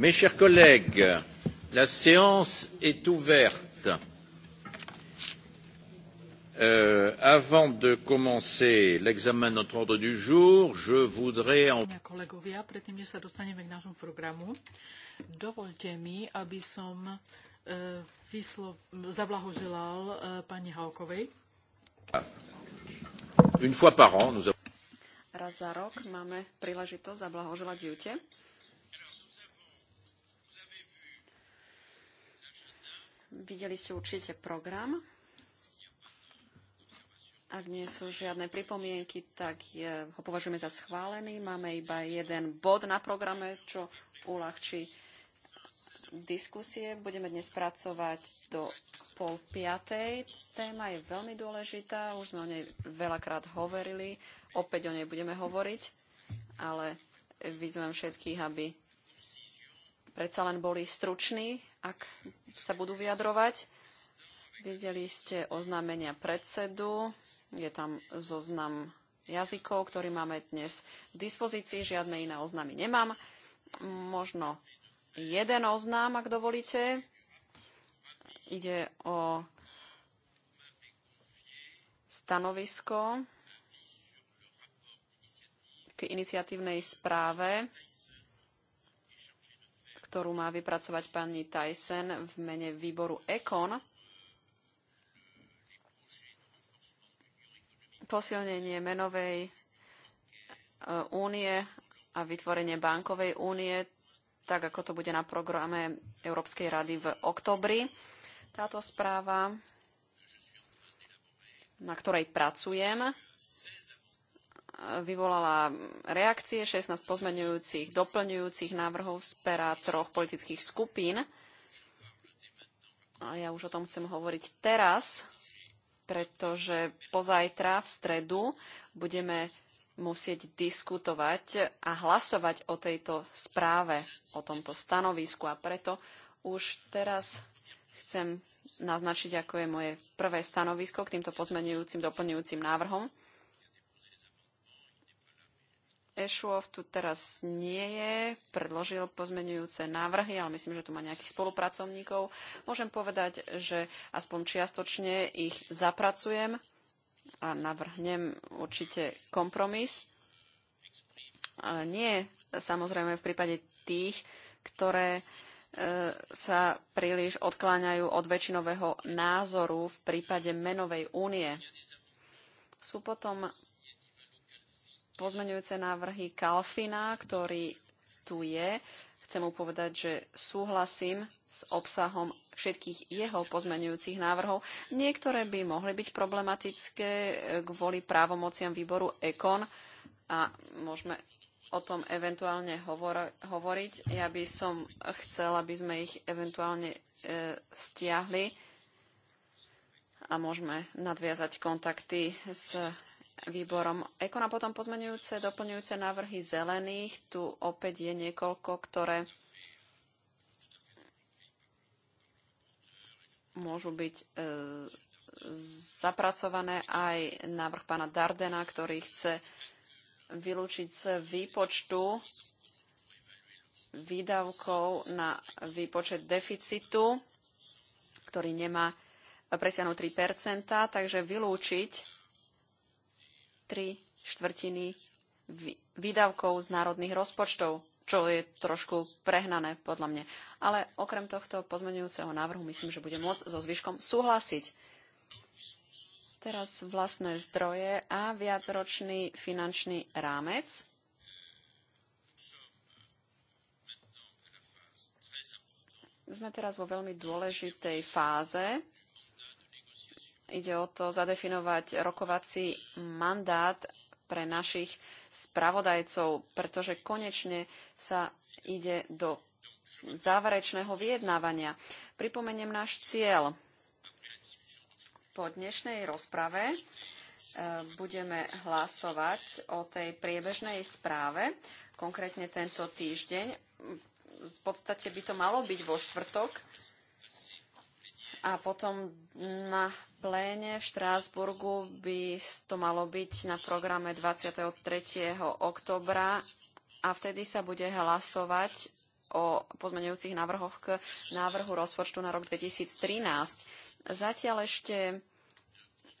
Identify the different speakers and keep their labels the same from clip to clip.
Speaker 1: Mes chers collègues, la séance est ouverte. Euh, avant de commencer l'examen de notre ordre du jour, je voudrais en...
Speaker 2: Kolegovia, predtým, než sa dostaneme k nášmu programu, dovolte mi, aby som e, vyslo...
Speaker 3: zablahoželal e, pani Haukovej.
Speaker 2: Une fois par an, nous avons...
Speaker 3: Raz za rok máme príležitosť zablahoželať Jute Videli ste určite program. Ak nie sú žiadne pripomienky, tak je, ho považujeme za schválený. Máme iba jeden bod na programe, čo uľahčí diskusie. Budeme dnes pracovať do pol piatej. Téma je veľmi dôležitá, už sme o nej veľakrát hovorili, opäť o nej budeme hovoriť, ale vyzvem všetkých, aby predsa len boli struční ak sa budú vyjadrovať. Videli ste oznámenia predsedu, je tam zoznam jazykov, ktorý máme dnes k dispozícii, žiadne iné oznámy nemám. Možno jeden oznám, ak dovolíte. Ide o stanovisko k iniciatívnej správe ktorú má vypracovať pani Tyson v mene výboru ECON. Posilnenie menovej e, únie a vytvorenie bankovej únie, tak ako to bude na programe Európskej rady v oktobri. Táto správa, na ktorej pracujem, vyvolala reakcie 16 pozmeňujúcich, doplňujúcich návrhov z pera troch politických skupín. A ja už o tom chcem hovoriť teraz, pretože pozajtra v stredu budeme musieť diskutovať a hlasovať o tejto správe, o tomto stanovisku. A preto už teraz chcem naznačiť, ako je moje prvé stanovisko k týmto pozmenujúcim, doplňujúcim návrhom. Ešov tu teraz nie je, predložil pozmenujúce návrhy, ale myslím, že tu má nejakých spolupracovníkov. Môžem povedať, že aspoň čiastočne ich zapracujem a navrhnem určite kompromis. nie samozrejme v prípade tých, ktoré e, sa príliš odkláňajú od väčšinového názoru v prípade menovej únie. Sú potom pozmeňujúce návrhy Kalfina, ktorý tu je. Chcem mu povedať, že súhlasím s obsahom všetkých jeho pozmeňujúcich návrhov. Niektoré by mohli byť problematické e, kvôli právomociam výboru EKON a môžeme o tom eventuálne hovor- hovoriť. Ja by som chcela, aby sme ich eventuálne e, stiahli a môžeme nadviazať kontakty s výborom Ekon a potom pozmenujúce, doplňujúce návrhy zelených. Tu opäť je niekoľko, ktoré môžu byť e, zapracované aj návrh pána Dardena, ktorý chce vylúčiť z výpočtu výdavkov na výpočet deficitu, ktorý nemá presiahnuť 3 takže vylúčiť tri štvrtiny výdavkov z národných rozpočtov, čo je trošku prehnané podľa mňa. Ale okrem tohto pozmeňujúceho návrhu myslím, že bude môcť so zvyškom súhlasiť. Teraz vlastné zdroje a viacročný finančný rámec. Sme teraz vo veľmi dôležitej fáze Ide o to zadefinovať rokovací mandát pre našich spravodajcov, pretože konečne sa ide do záverečného vyjednávania. Pripomeniem náš cieľ. Po dnešnej rozprave e, budeme hlasovať o tej priebežnej správe, konkrétne tento týždeň. V podstate by to malo byť vo štvrtok a potom na pléne v Štrásburgu by to malo byť na programe 23. oktobra a vtedy sa bude hlasovať o pozmeňujúcich návrhoch k návrhu rozpočtu na rok 2013. Zatiaľ ešte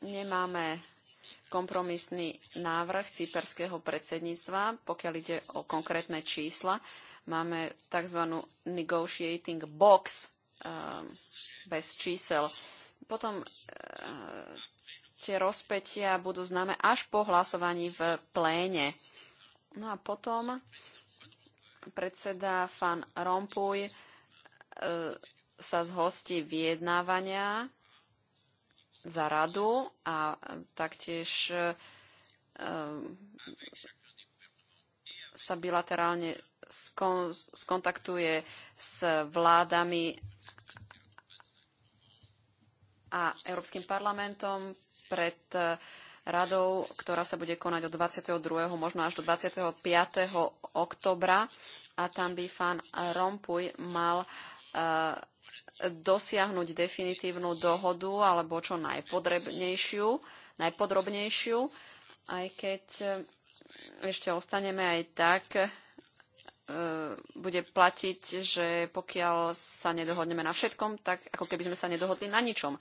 Speaker 3: nemáme kompromisný návrh cyperského predsedníctva, pokiaľ ide o konkrétne čísla. Máme tzv. negotiating box ehm, bez čísel potom e, tie rozpetia budú známe až po hlasovaní v pléne. No a potom predseda Fan Rompuj e, sa zhostí vyjednávania za radu a taktiež e, sa bilaterálne skontaktuje s vládami a Európskym parlamentom pred e, radou, ktorá sa bude konať od 22. možno až do 25. oktobra a tam by Fan Rompuj mal e, dosiahnuť definitívnu dohodu alebo čo najpodrebnejšiu, najpodrobnejšiu, aj keď e, ešte ostaneme aj tak E, bude platiť, že pokiaľ sa nedohodneme na všetkom, tak ako keby sme sa nedohodli na ničom.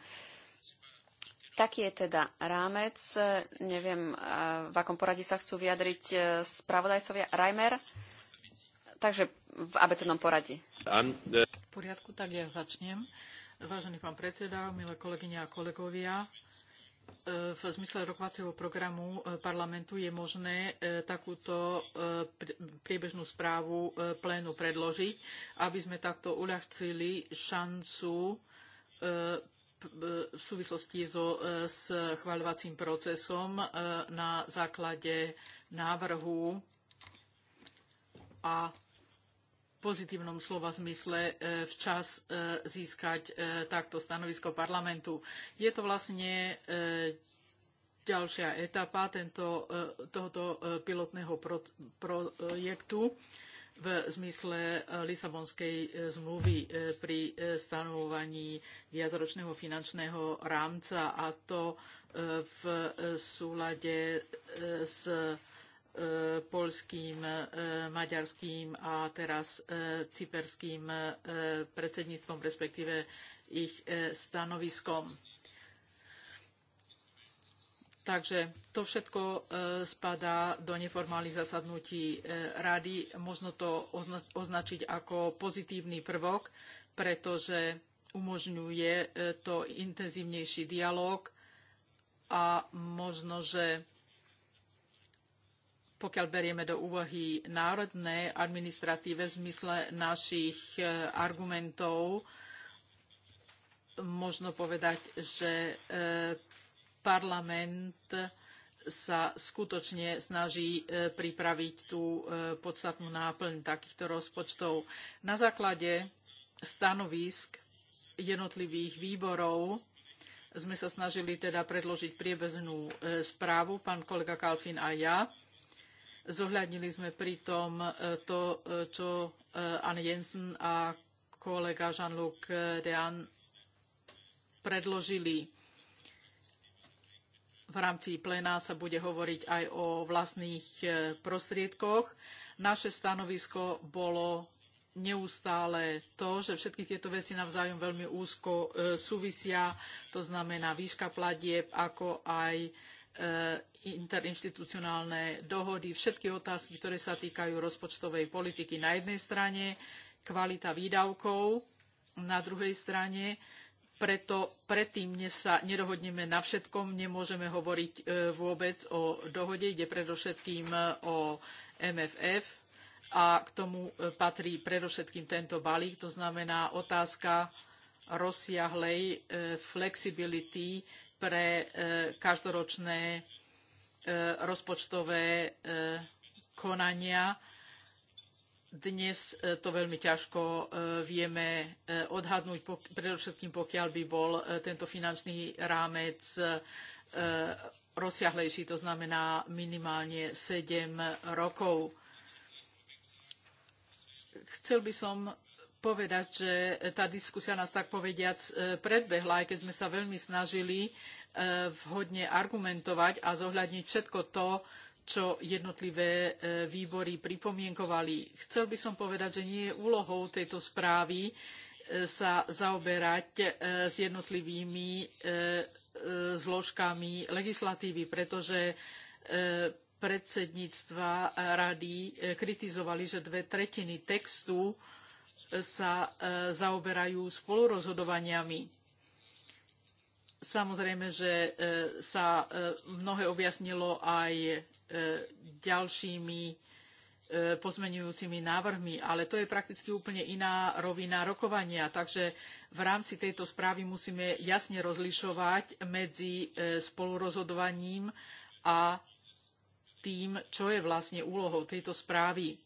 Speaker 3: Taký je teda rámec. Neviem, e, v akom poradí sa chcú vyjadriť e, spravodajcovia. Reimer? Takže v abecednom poradí. V
Speaker 2: poriadku, tak ja začnem. Vážený pán predseda, milé kolegyne a kolegovia, E, v zmysle rokovacieho programu e, parlamentu je možné e, takúto priebežnú správu plénu predložiť, aby sme takto uľahčili šancu v súvislosti so schváľovacím procesom na základe návrhu a pozitívnom slova zmysle e, včas e, získať e, takto stanovisko parlamentu. Je to vlastne ďalšia etapa tento, tohoto pilotného pro, projektu v zmysle Lisabonskej zmluvy pri stanovovaní viacročného finančného rámca a to v súlade s E, polským, e, maďarským a teraz e, cyperským predsedníctvom, respektíve ich stanoviskom. Takže to všetko spadá do neformálnych zasadnutí rady. Možno to označiť ako pozitívny prvok, pretože umožňuje to intenzívnejší dialog a možno, že pokiaľ berieme do úvahy národné administratíve v zmysle našich e, argumentov, možno povedať, že e, parlament sa skutočne snaží e, pripraviť tú podstatnú náplň takýchto rozpočtov. Na základe stanovisk jednotlivých výborov sme sa snažili teda predložiť priebeznú správu, pán kolega Kalfin a ja Zohľadnili sme pritom e, to, e, čo e, Anne Jensen a kolega Jean-Luc Dean predložili. V rámci pléna sa bude hovoriť aj o vlastných prostriedkoch. Naše stanovisko bolo neustále to, že všetky tieto veci navzájom veľmi úzko súvisia, to znamená výška platieb, ako aj E, interinstitucionálne dohody, všetky otázky, ktoré sa týkajú rozpočtovej politiky na jednej strane, kvalita výdavkov na druhej strane. Preto predtým, než sa nedohodneme na všetkom, nemôžeme hovoriť e, vôbec o dohode. Ide predovšetkým e, o MFF a k tomu patrí predovšetkým tento balík, to znamená otázka rozsiahlej flexibility pre e, každoročné e, rozpočtové e, konania. Dnes to veľmi ťažko vieme odhadnúť, predovšetkým pokiaľ by bol tento finančný rámec rozsiahlejší, to znamená minimálne 7 rokov. Chcel by som povedať, že tá diskusia nás tak povediac e, predbehla, aj keď sme sa veľmi snažili e, vhodne argumentovať a zohľadniť všetko to, čo jednotlivé e, výbory pripomienkovali. Chcel by som povedať, že nie je úlohou tejto správy sa zaoberať s jednotlivými zložkami legislatívy, pretože predsedníctva rady kritizovali, že dve tretiny textu sa e, zaoberajú spolurozhodovaniami. Samozrejme, že e, sa e, mnohé objasnilo aj ďalšími pozmenujúcimi návrhmi, ale to je prakticky úplne iná rovina rokovania. Takže v rámci tejto správy musíme jasne rozlišovať medzi spolurozhodovaním a tým, čo je vlastne úlohou tejto správy.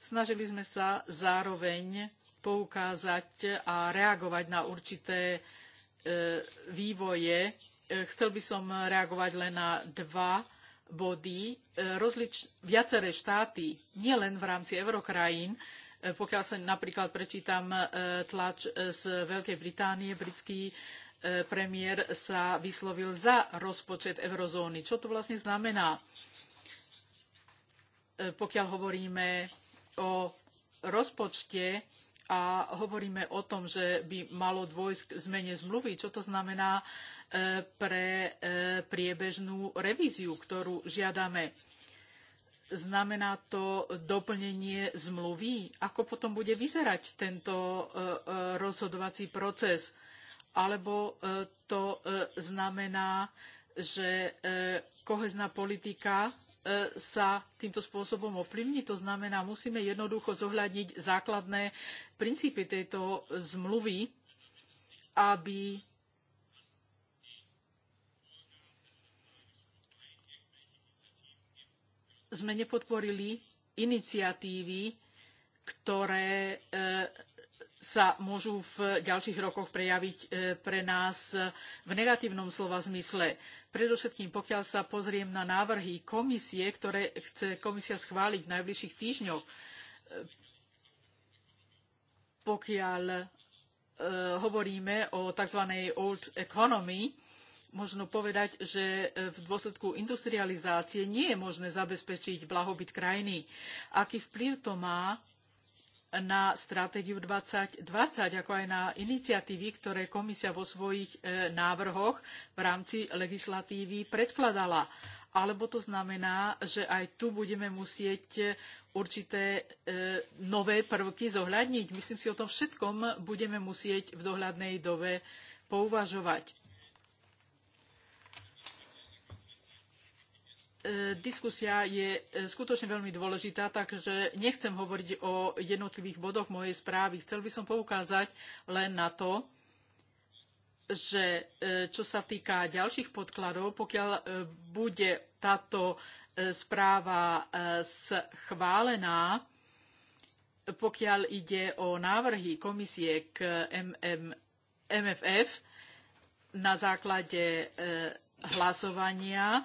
Speaker 2: Snažili sme sa zároveň poukázať a reagovať na určité e, vývoje. E, chcel by som reagovať len na dva body. E, rozlič... Viaceré štáty, nielen v rámci eurokrajín, pokiaľ sa napríklad prečítam tlač z Veľkej Británie, britský premiér sa vyslovil za rozpočet eurozóny. Čo to vlastne znamená? Pokiaľ hovoríme o rozpočte a hovoríme o tom, že by malo dôjsť k zmene zmluvy, čo to znamená e, pre e, priebežnú revíziu, ktorú žiadame. Znamená to doplnenie zmluvy? Ako potom bude vyzerať tento e, rozhodovací proces? Alebo to znamená, že kohezná politika E, sa týmto spôsobom ovplyvní. To znamená, musíme jednoducho zohľadniť základné princípy tejto zmluvy, aby sme nepodporili iniciatívy, ktoré e, sa môžu v ďalších rokoch prejaviť e, pre nás e, v negatívnom slova zmysle. Predovšetkým, pokiaľ sa pozriem na návrhy komisie, ktoré chce komisia schváliť v najbližších týždňoch, e, pokiaľ hovoríme o tzv. old economy, možno povedať, že v dôsledku industrializácie nie je možné zabezpečiť blahobyt krajiny. Aký vplyv to má na stratégiu 2020, ako aj na iniciatívy, ktoré komisia vo svojich e, návrhoch v rámci legislatívy predkladala. Alebo to znamená, že aj tu budeme musieť e, určité e, nové prvky zohľadniť. Myslím si, o tom všetkom budeme musieť v dohľadnej dobe pouvažovať. E, diskusia je e, skutočne veľmi dôležitá, takže nechcem hovoriť o jednotlivých bodoch mojej správy. Chcel by som poukázať len na to, že e, čo sa týka ďalších podkladov, pokiaľ bude táto správa schválená, pokiaľ ide o návrhy komisie k MFF na základe hlasovania,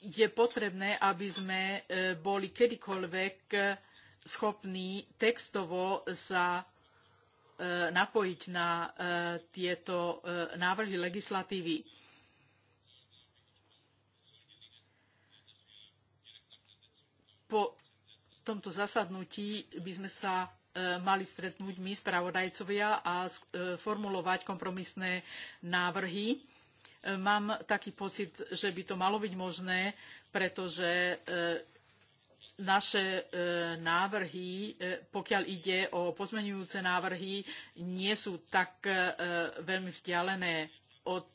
Speaker 2: je potrebné, aby sme e, boli kedykoľvek e, schopní textovo sa e, napojiť na tieto návrhy legislatívy. Po tomto zasadnutí by sme sa mali stretnúť my, spravodajcovia, a formulovať kompromisné návrhy E, mám taký pocit, že by to malo byť možné, pretože e, naše e, návrhy, pokiaľ ide o pozmenujúce návrhy, nie sú tak veľmi vzdialené od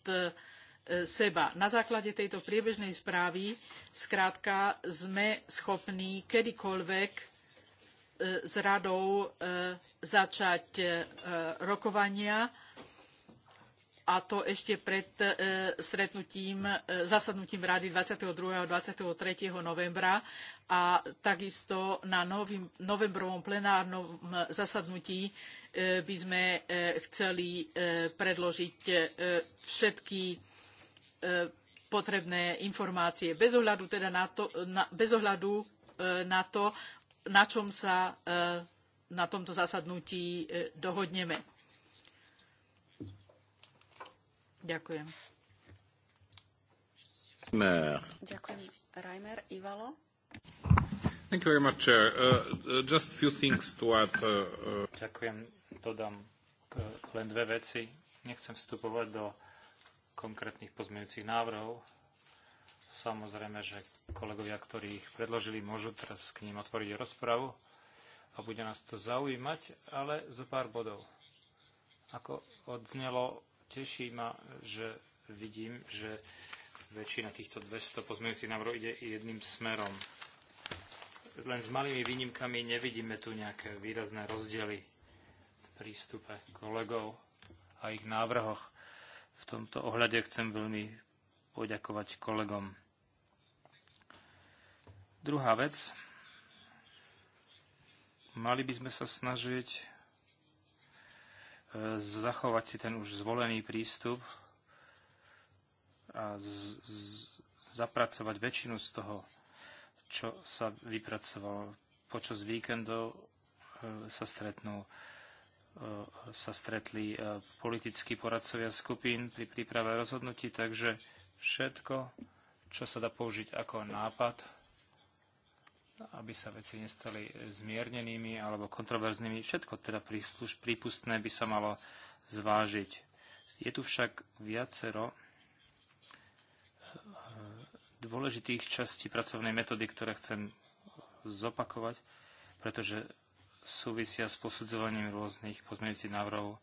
Speaker 2: seba. Na základe tejto priebežnej správy skrátka sme schopní kedykoľvek s radou začať rokovania a to ešte pred e, stretnutím, e, zasadnutím rady 22. a 23. novembra a takisto na novým, novembrovom plenárnom zasadnutí e, by sme chceli predložiť všetky potrebné informácie. Bez ohľadu, teda na, to, na, bez ohľadu na to, na čom sa na tomto zasadnutí dohodneme
Speaker 3: Ďakujem.
Speaker 1: Dodám len dve veci. Nechcem vstupovať do konkrétnych pozmeňujúcich návrhov. Samozrejme, že kolegovia, ktorí ich predložili, môžu teraz k ním otvoriť rozpravu a bude nás to zaujímať, ale zo pár bodov. Ako odznelo, Teší ma, že vidím, že väčšina týchto 200 pozmeňujúcich návrhov ide jedným smerom. Len s malými výnimkami nevidíme tu nejaké výrazné rozdiely v prístupe kolegov a ich návrhoch. V tomto ohľade chcem veľmi poďakovať kolegom. Druhá vec. Mali by sme sa snažiť zachovať si ten už zvolený prístup a z, z, zapracovať väčšinu z toho, čo sa vypracovalo. Počas víkendov e, sa stretnú e, sa stretli e, politickí poradcovia skupín pri príprave rozhodnutí, takže všetko, čo sa dá použiť ako nápad, aby sa veci nestali zmiernenými alebo kontroverznými. Všetko teda prípustné by sa malo zvážiť. Je tu však viacero eh, dôležitých častí pracovnej metódy, ktoré chcem zopakovať, pretože súvisia s posudzovaním rôznych pozmeňujúcich návrhov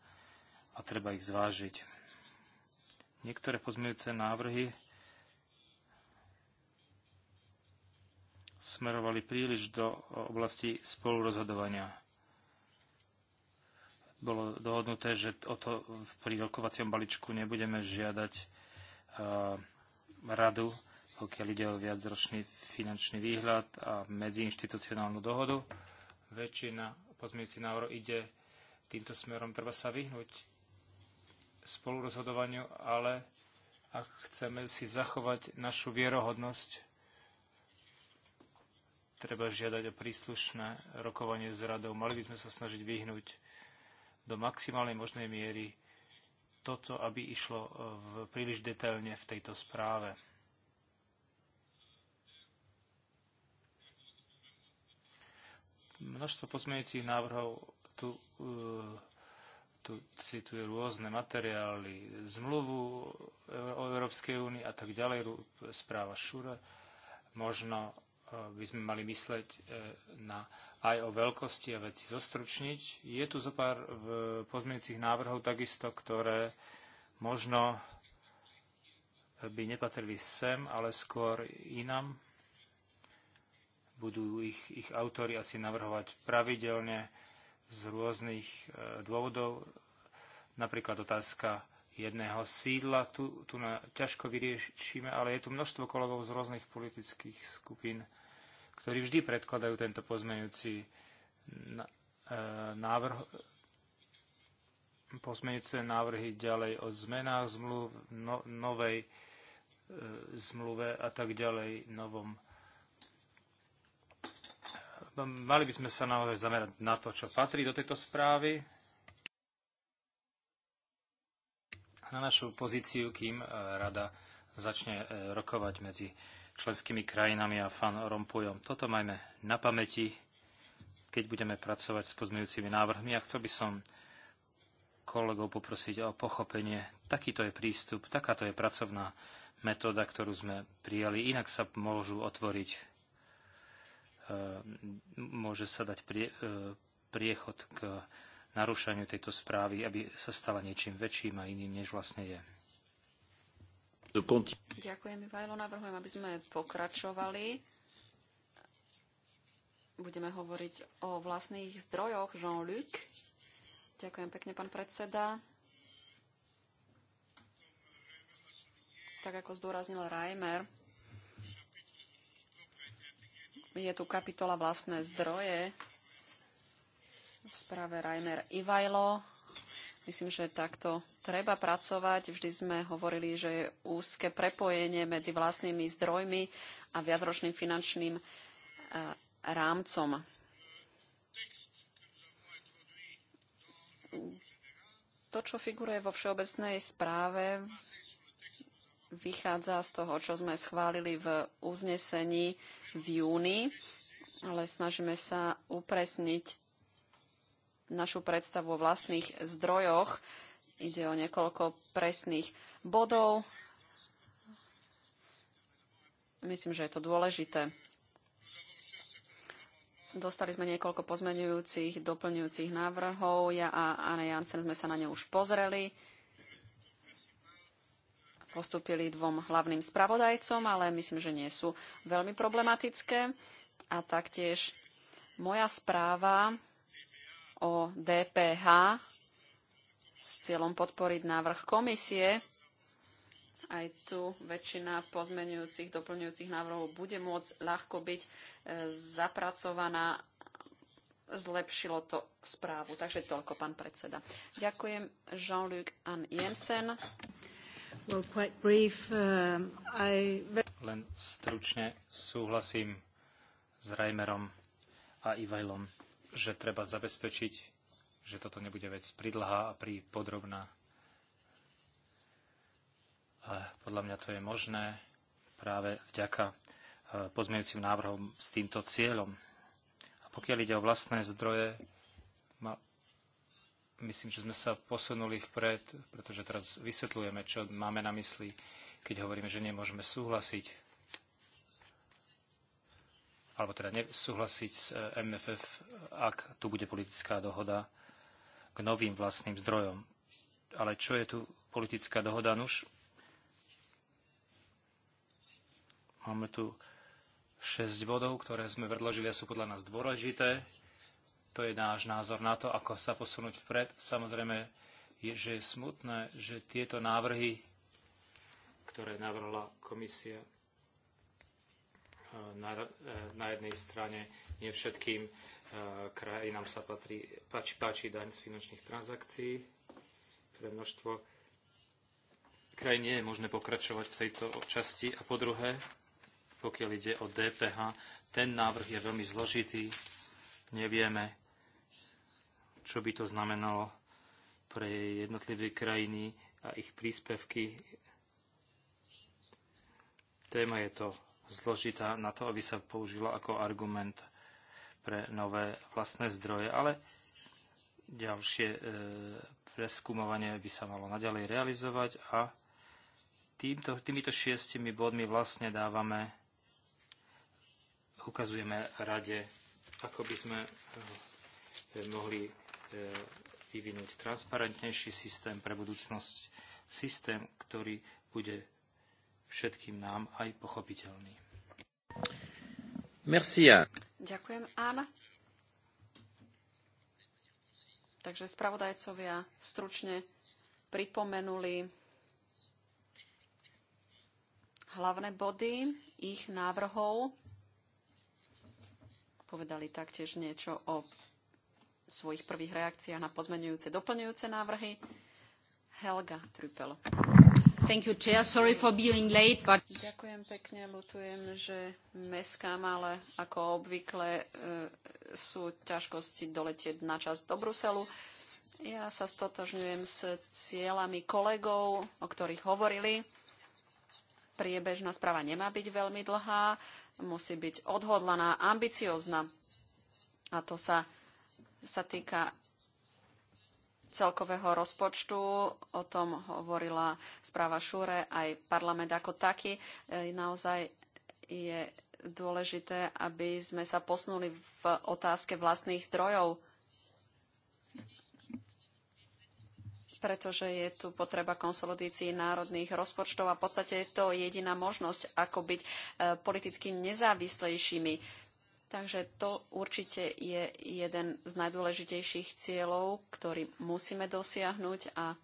Speaker 1: a treba ich zvážiť. Niektoré pozmeňujúce návrhy smerovali príliš do oblasti spolurozhodovania. Bolo dohodnuté, že o to pri rokovaciom balíčku nebudeme žiadať uh, radu, pokiaľ ide o viacročný finančný výhľad a medziinstitucionálnu dohodu. Väčšina pozmiecich návrh ide týmto smerom. Treba sa vyhnúť spolurozhodovaniu, ale ak chceme si zachovať našu vierohodnosť, treba žiadať o príslušné rokovanie s radou. Mali by sme sa snažiť vyhnúť do maximálnej možnej miery toto, aby išlo e, v, príliš detailne v tejto správe. Množstvo pozmeňujúcich návrhov tu, e, tu cituje rôzne materiály, zmluvu o Európskej únii a tak ďalej, správa Šura. Možno E, by sme mali mysleť e, na, aj o veľkosti a veci zostručniť. Je tu zo pár v pozmeňujúcich návrhov takisto, ktoré možno by nepatrili sem, ale skôr inam. Budú ich, ich autory asi navrhovať pravidelne z rôznych e, dôvodov. Napríklad otázka jedného sídla. Tu, tu na, ťažko vyriešime, ale je tu množstvo kolegov z rôznych politických skupín, ktorí vždy predkladajú tento pozmeňujúci e, návrh pozmeňujúce návrhy ďalej o zmenách zmluv, no, novej e, zmluve a tak ďalej, novom. No, mali by sme sa naozaj zamerať na to, čo patrí do tejto správy, na našu pozíciu, kým e, rada začne e, rokovať medzi členskými krajinami a Fan Rompujom. Toto majme na pamäti, keď budeme pracovať s pozmeňujúcimi návrhmi. A chcel by som kolegov poprosiť o pochopenie. Takýto je prístup, takáto je pracovná metóda, ktorú sme prijali. Inak sa môžu otvoriť, e, môže sa dať prie, e, priechod k narušaniu tejto správy, aby sa stala niečím väčším a iným, než vlastne je.
Speaker 3: Ďakujem, Ivajlo. Navrhujem, aby sme pokračovali. Budeme hovoriť o vlastných zdrojoch. Jean-Luc. Ďakujem pekne, pán predseda. Tak ako zdôraznil Reimer, je tu kapitola vlastné zdroje v správe Reimer Ivajlo Myslím, že takto treba pracovať. Vždy sme hovorili, že je úzke prepojenie medzi vlastnými zdrojmi a viacročným finančným e, rámcom. To, čo figuruje vo všeobecnej správe, vychádza z toho, čo sme schválili v uznesení v júni, ale snažíme sa upresniť našu predstavu o vlastných zdrojoch. Ide o niekoľko presných bodov. Myslím, že je to dôležité. Dostali sme niekoľko pozmenujúcich, doplňujúcich návrhov. Ja a Anne Jansen sme sa na ne už pozreli. Postupili dvom hlavným spravodajcom, ale myslím, že nie sú veľmi problematické. A taktiež moja správa o DPH s cieľom podporiť návrh komisie. Aj tu väčšina pozmenujúcich, doplňujúcich návrhov bude môcť ľahko byť e, zapracovaná. Zlepšilo to správu. Takže toľko, pán predseda. Ďakujem Jean-Luc Ann Jensen. Well, brief, um, I...
Speaker 2: Len
Speaker 1: stručne súhlasím s Reimerom a Ivajlom že treba zabezpečiť, že toto nebude vec pridlhá a prí podrobná. A podľa mňa to je možné práve vďaka e, pozmejúcim návrhom s týmto cieľom. A pokiaľ ide o vlastné zdroje, ma, myslím, že sme sa posunuli vpred, pretože teraz vysvetľujeme, čo máme na mysli, keď hovoríme, že nemôžeme súhlasiť alebo teda nesúhlasiť s e, MFF, ak tu bude politická dohoda k novým vlastným zdrojom. Ale čo je tu politická dohoda? Nuž, máme tu 6 bodov, ktoré sme predložili a sú podľa nás dôležité. To je náš názor na to, ako sa posunúť vpred. Samozrejme, je, že je smutné, že tieto návrhy, ktoré navrhla komisia, na, e, na jednej strane nie všetkým e, krajinám sa patrí, páči, páči daň z finančných transakcií. Pre množstvo krajín nie je možné pokračovať v tejto časti. A po druhé, pokiaľ ide o DPH, ten návrh je veľmi zložitý. Nevieme, čo by to znamenalo pre jednotlivé krajiny a ich príspevky. Téma je to zložitá na to, aby sa použila ako argument pre nové vlastné zdroje, ale ďalšie e, preskúmovanie by sa malo naďalej realizovať a týmto, týmito šiestimi bodmi vlastne dávame, ukazujeme rade, ako by sme e, mohli e, vyvinúť transparentnejší systém pre budúcnosť, systém, ktorý bude všetkým nám aj pochopiteľný. Merci.
Speaker 3: Ďakujem, Anna. Takže spravodajcovia stručne pripomenuli hlavné body ich návrhov. Povedali taktiež niečo o svojich prvých reakciách na pozmenujúce, doplňujúce návrhy. Helga Trüppel. Ďakujem pekne, lutujem, že meskám, ale ako obvykle e, sú ťažkosti doletieť na čas do Bruselu. Ja sa stotožňujem s cieľami kolegov, o ktorých hovorili. Priebežná správa nemá byť veľmi dlhá, musí byť odhodlaná, ambiciózna. A to sa, sa týka celkového rozpočtu. O tom hovorila správa Šúre, aj parlament ako taký. E, naozaj je dôležité, aby sme sa posunuli v otázke vlastných zdrojov, pretože je tu potreba konsolidícií národných rozpočtov a v podstate je to jediná možnosť, ako byť e, politicky nezávislejšími Takže to určite je jeden z najdôležitejších cieľov, ktorý musíme dosiahnuť a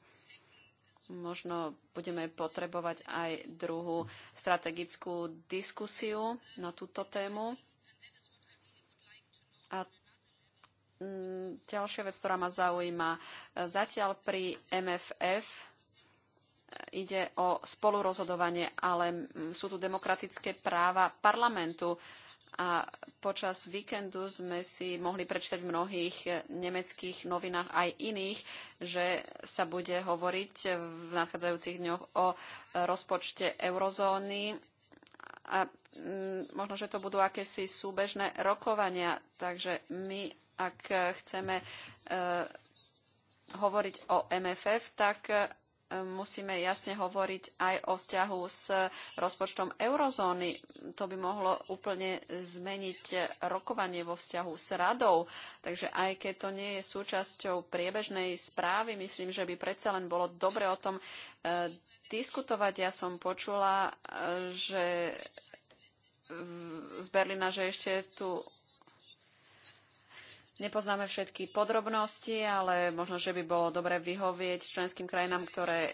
Speaker 3: možno budeme potrebovať aj druhú strategickú diskusiu na túto tému. A mm, ďalšia vec, ktorá ma zaujíma. Zatiaľ pri MFF e, ide o spolurozhodovanie, ale mm, sú tu demokratické práva parlamentu. A počas víkendu sme si mohli prečítať v mnohých nemeckých novinách aj iných, že sa bude hovoriť v nadchádzajúcich dňoch o rozpočte eurozóny a mm, možno, že to budú akési súbežné rokovania. Takže my, ak chceme e, hovoriť o MFF, tak musíme jasne hovoriť aj o vzťahu s rozpočtom eurozóny. To by mohlo úplne zmeniť rokovanie vo vzťahu s radou. Takže aj keď to nie je súčasťou priebežnej správy, myslím, že by predsa len bolo dobre o tom e, diskutovať. Ja som počula, eh, že z Berlina, že ešte tu Nepoznáme všetky podrobnosti, ale možno, že by bolo dobre vyhovieť členským krajinám, ktoré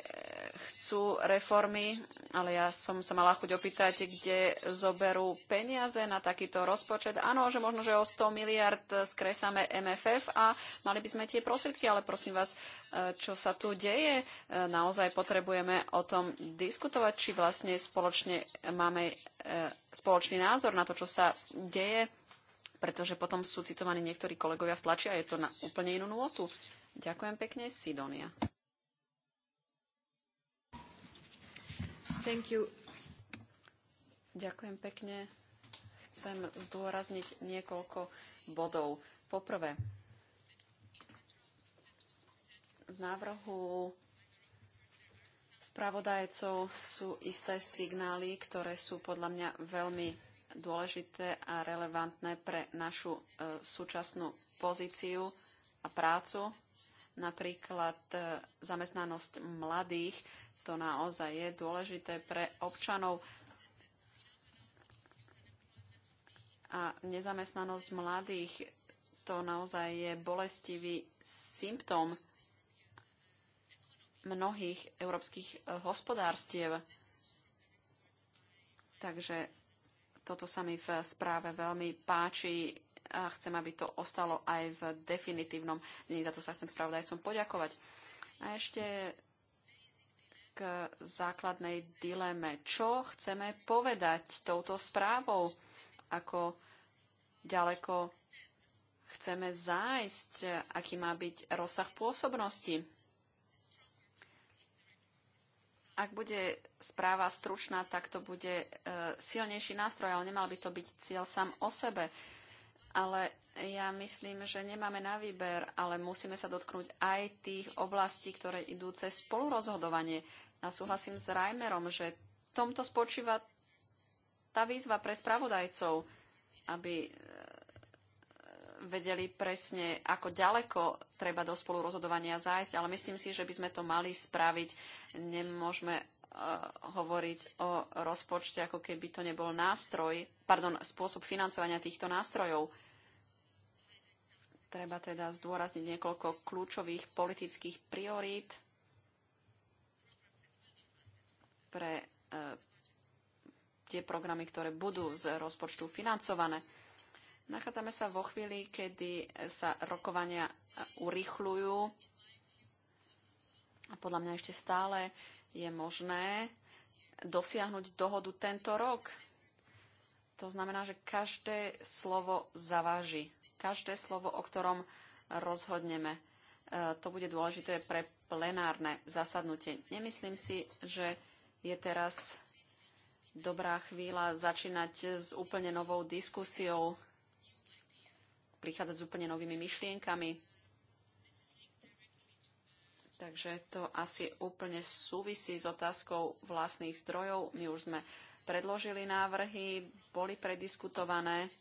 Speaker 3: chcú reformy, ale ja som sa mala chuť opýtať, kde zoberú peniaze na takýto rozpočet. Áno, že možno, že o 100 miliard skresáme MFF a mali by sme tie prostriedky, ale prosím vás, čo sa tu deje, naozaj potrebujeme o tom diskutovať, či vlastne spoločne máme e, spoločný názor na to, čo sa deje pretože potom sú citovaní niektorí kolegovia v tlači a je to na úplne inú nôtu. Ďakujem pekne, Sidonia. Thank you. Ďakujem pekne. Chcem zdôrazniť niekoľko bodov. Poprvé, v návrhu spravodajcov sú isté signály, ktoré sú podľa mňa veľmi dôležité a relevantné pre našu e, súčasnú pozíciu a prácu. Napríklad e, zamestnanosť mladých, to naozaj je dôležité pre občanov. A nezamestnanosť mladých, to naozaj je bolestivý symptóm mnohých európskych e, hospodárstiev. Takže toto sa mi v správe veľmi páči a chcem, aby to ostalo aj v definitívnom. Dnes za to sa chcem spravodajcom poďakovať. A ešte k základnej dileme. Čo chceme povedať touto správou? Ako ďaleko chceme zájsť? Aký má byť rozsah pôsobnosti? Ak bude správa stručná, tak to bude e, silnejší nástroj, ale nemal by to byť cieľ sám o sebe. Ale ja myslím, že nemáme na výber, ale musíme sa dotknúť aj tých oblastí, ktoré idú cez spolurozhodovanie. A súhlasím s Reimerom, že v tomto spočíva tá výzva pre spravodajcov, aby vedeli presne, ako ďaleko treba do spolurozhodovania zájsť, ale myslím si, že by sme to mali spraviť. Nemôžeme uh, hovoriť o rozpočte, ako keby to nebol nástroj, pardon, spôsob financovania týchto nástrojov. Treba teda zdôrazniť niekoľko kľúčových politických priorít pre uh, tie programy, ktoré budú z rozpočtu financované. Nachádzame sa vo chvíli, kedy sa rokovania urychľujú a podľa mňa ešte stále je možné dosiahnuť dohodu tento rok. To znamená, že každé slovo zaváži. Každé slovo, o ktorom rozhodneme. E, to bude dôležité pre plenárne zasadnutie. Nemyslím si, že je teraz dobrá chvíľa začínať s úplne novou diskusiou prichádzať s úplne novými myšlienkami. Takže to asi úplne súvisí s otázkou vlastných zdrojov. My už sme predložili návrhy, boli prediskutované.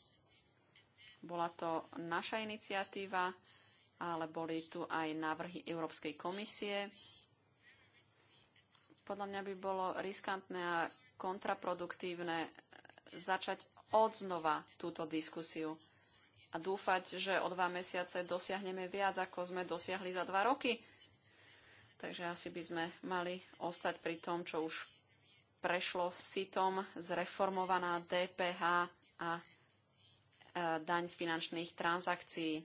Speaker 3: Bola to naša iniciatíva, ale boli tu aj návrhy Európskej komisie. Podľa mňa by bolo riskantné a kontraproduktívne začať odznova túto diskusiu a dúfať, že o dva mesiace dosiahneme viac, ako sme dosiahli za dva roky. Takže asi by sme mali ostať pri tom, čo už prešlo sitom zreformovaná DPH a e, daň z finančných transakcií.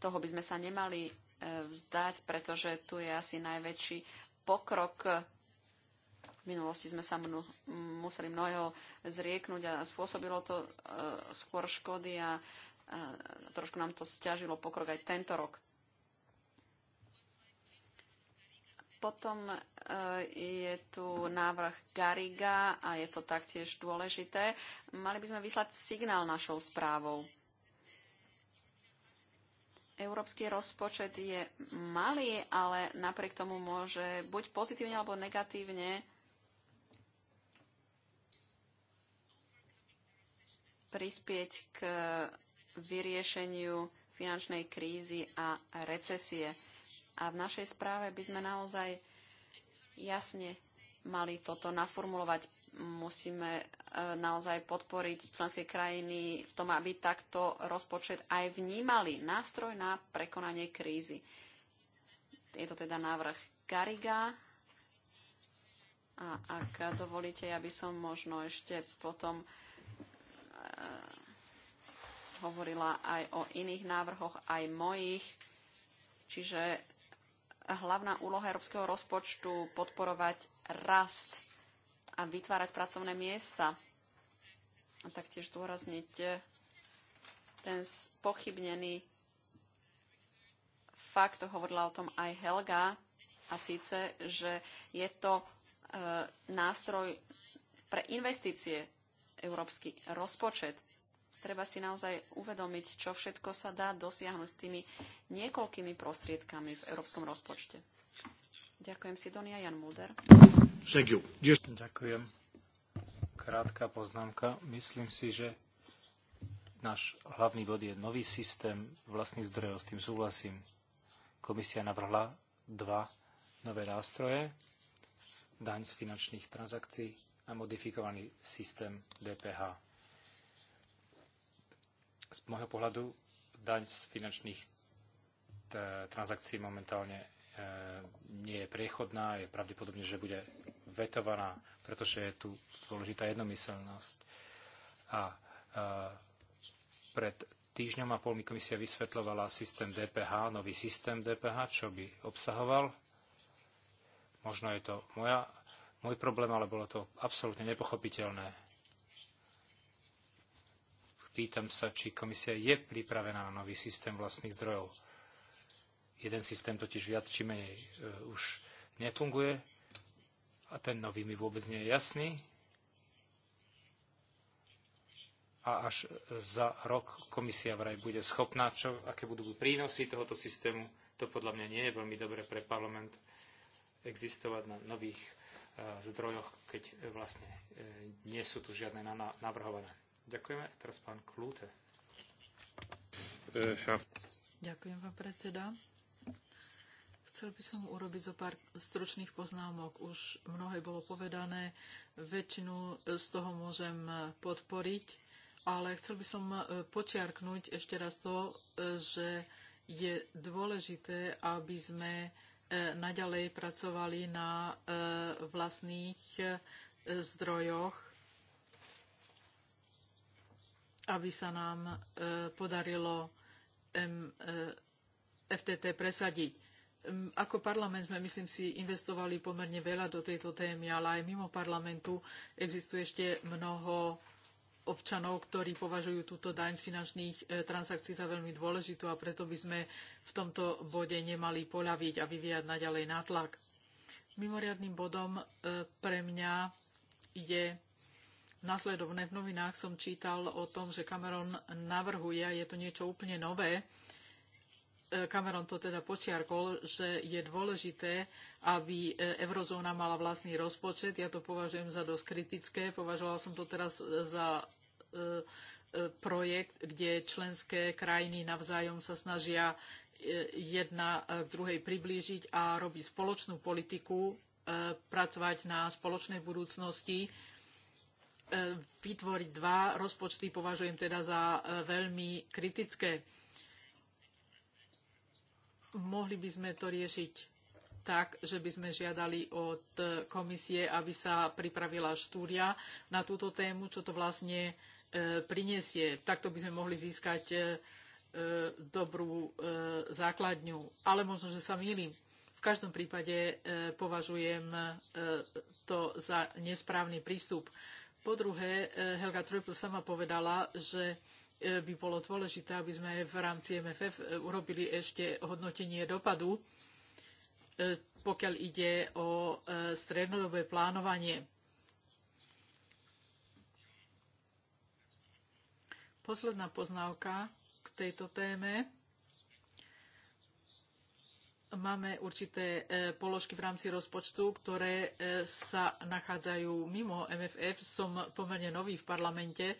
Speaker 3: Toho by sme sa nemali e, vzdať, pretože tu je asi najväčší pokrok v minulosti sme sa mnu, museli mnoho zrieknúť a spôsobilo to e, skôr škody a Eh, trošku nám to stiažilo pokrok aj tento rok. Potom eh, je tu návrh Gariga a je to taktiež dôležité. Mali by sme vyslať signál našou správou. Európsky rozpočet je malý, ale napriek tomu môže buď pozitívne alebo negatívne prispieť k vyriešeniu finančnej krízy a recesie. A v našej správe by sme naozaj jasne mali toto naformulovať. Musíme e, naozaj podporiť členské krajiny v tom, aby takto rozpočet aj vnímali. Nástroj na prekonanie krízy. Je to teda návrh Gariga. A ak dovolíte, ja by som možno ešte potom e, hovorila aj o iných návrhoch, aj mojich. Čiže hlavná úloha európskeho rozpočtu podporovať rast a vytvárať pracovné miesta. A taktiež zdôrazniť ten spochybnený fakt, hovorila o tom aj Helga, a síce, že je to e, nástroj pre investície, európsky rozpočet. Treba si naozaj uvedomiť, čo všetko sa dá dosiahnuť s tými niekoľkými prostriedkami v európskom rozpočte. Ďakujem Sidonia Jan Mulder.
Speaker 1: Ďakujem. Krátka poznámka. Myslím si, že náš hlavný bod je nový systém vlastných zdrojov. S tým súhlasím. Komisia navrhla dva nové nástroje, daň z finančných transakcií a modifikovaný systém DPH z môjho pohľadu daň z finančných transakcií momentálne e, nie je priechodná, je pravdepodobne, že bude vetovaná, pretože je tu dôležitá jednomyselnosť. A e, pred týždňom a pol mi komisia vysvetľovala systém DPH, nový systém DPH, čo by obsahoval. Možno je to moja, môj problém, ale bolo to absolútne nepochopiteľné Pýtam sa, či komisia je pripravená na nový systém vlastných zdrojov. Jeden systém totiž viac či menej e, už nefunguje a ten nový mi vôbec nie je jasný. A až za rok komisia vraj bude schopná, čo, aké budú prínosy tohoto systému. To podľa mňa nie je veľmi dobré pre parlament existovať na nových e, zdrojoch, keď vlastne e, nie sú tu žiadne navrhované. Ďakujeme. Teraz pán Klúte. Eh,
Speaker 2: Ďakujem, pán predseda. Chcel by som urobiť zo pár stručných poznámok. Už mnohé bolo povedané, väčšinu z toho môžem podporiť, ale chcel by som eh, počiarknúť ešte raz to, eh, že je dôležité, aby sme naďalej pracovali na vlastných zdrojoch aby sa nám e, podarilo e, FTT presadiť. Ako parlament sme, myslím si, investovali pomerne veľa do tejto témy, ale aj mimo parlamentu existuje ešte mnoho občanov, ktorí považujú túto daň z finančných e, transakcií za veľmi dôležitú a preto by sme v tomto bode nemali poľaviť a vyvíjať naďalej nátlak. Mimoriadnym bodom pre mňa je nasledovné. V novinách som čítal o tom, že Cameron navrhuje, a je to niečo úplne nové, e, Cameron to teda počiarkol, že je dôležité, aby e, eurozóna mala vlastný rozpočet. Ja to považujem za dosť kritické. Považoval som to teraz e, za projekt, kde členské krajiny navzájom sa snažia jedna k druhej priblížiť a robiť spoločnú politiku, pracovať na spoločnej budúcnosti E, vytvoriť dva rozpočty považujem teda za e, veľmi kritické. Mohli by sme to riešiť tak, že by sme žiadali od komisie, aby sa pripravila štúdia na túto tému, čo to vlastne e, prinesie. Takto by sme mohli získať dobrú základňu. Ale možno, že sa milím. V každom prípade považujem to za nesprávny prístup. Po druhé, e, Helga Tröpl sama povedala, že e, by bolo dôležité, aby sme v rámci MFF e, urobili ešte hodnotenie dopadu, pokiaľ ide o strednodobé plánovanie. Posledná poznávka k tejto téme máme určité e, položky v rámci rozpočtu, ktoré e, sa nachádzajú mimo MFF. Som pomerne nový v parlamente. E,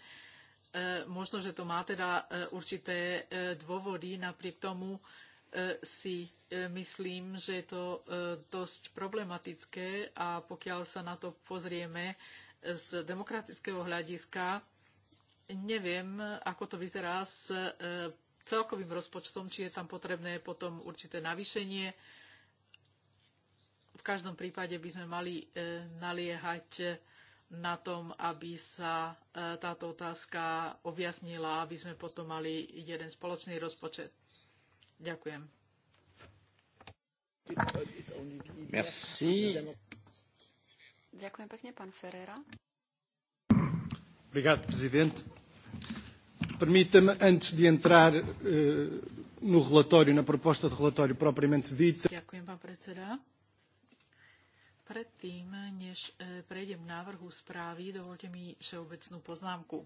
Speaker 2: možno, že to má teda určité dôvody. Napriek tomu si myslím, že je to dosť problematické a pokiaľ sa na to pozrieme z demokratického hľadiska, neviem, ako to vyzerá s celkovým rozpočtom, či je tam potrebné potom určité navýšenie. V každom prípade by sme mali e, naliehať e, na tom, aby sa e, táto otázka objasnila, aby sme potom mali jeden spoločný rozpočet. Ďakujem. Merci.
Speaker 3: Ďakujem pekne, pán Ferreira.
Speaker 2: Obrigado, presidente. Permita-me, antes de entrar uh, no relatório, na proposta de relatório propriamente dita. Ďakujem, pán predseda. Predtým, než eh, prejdem k návrhu správy, dovolte mi všeobecnú poznámku.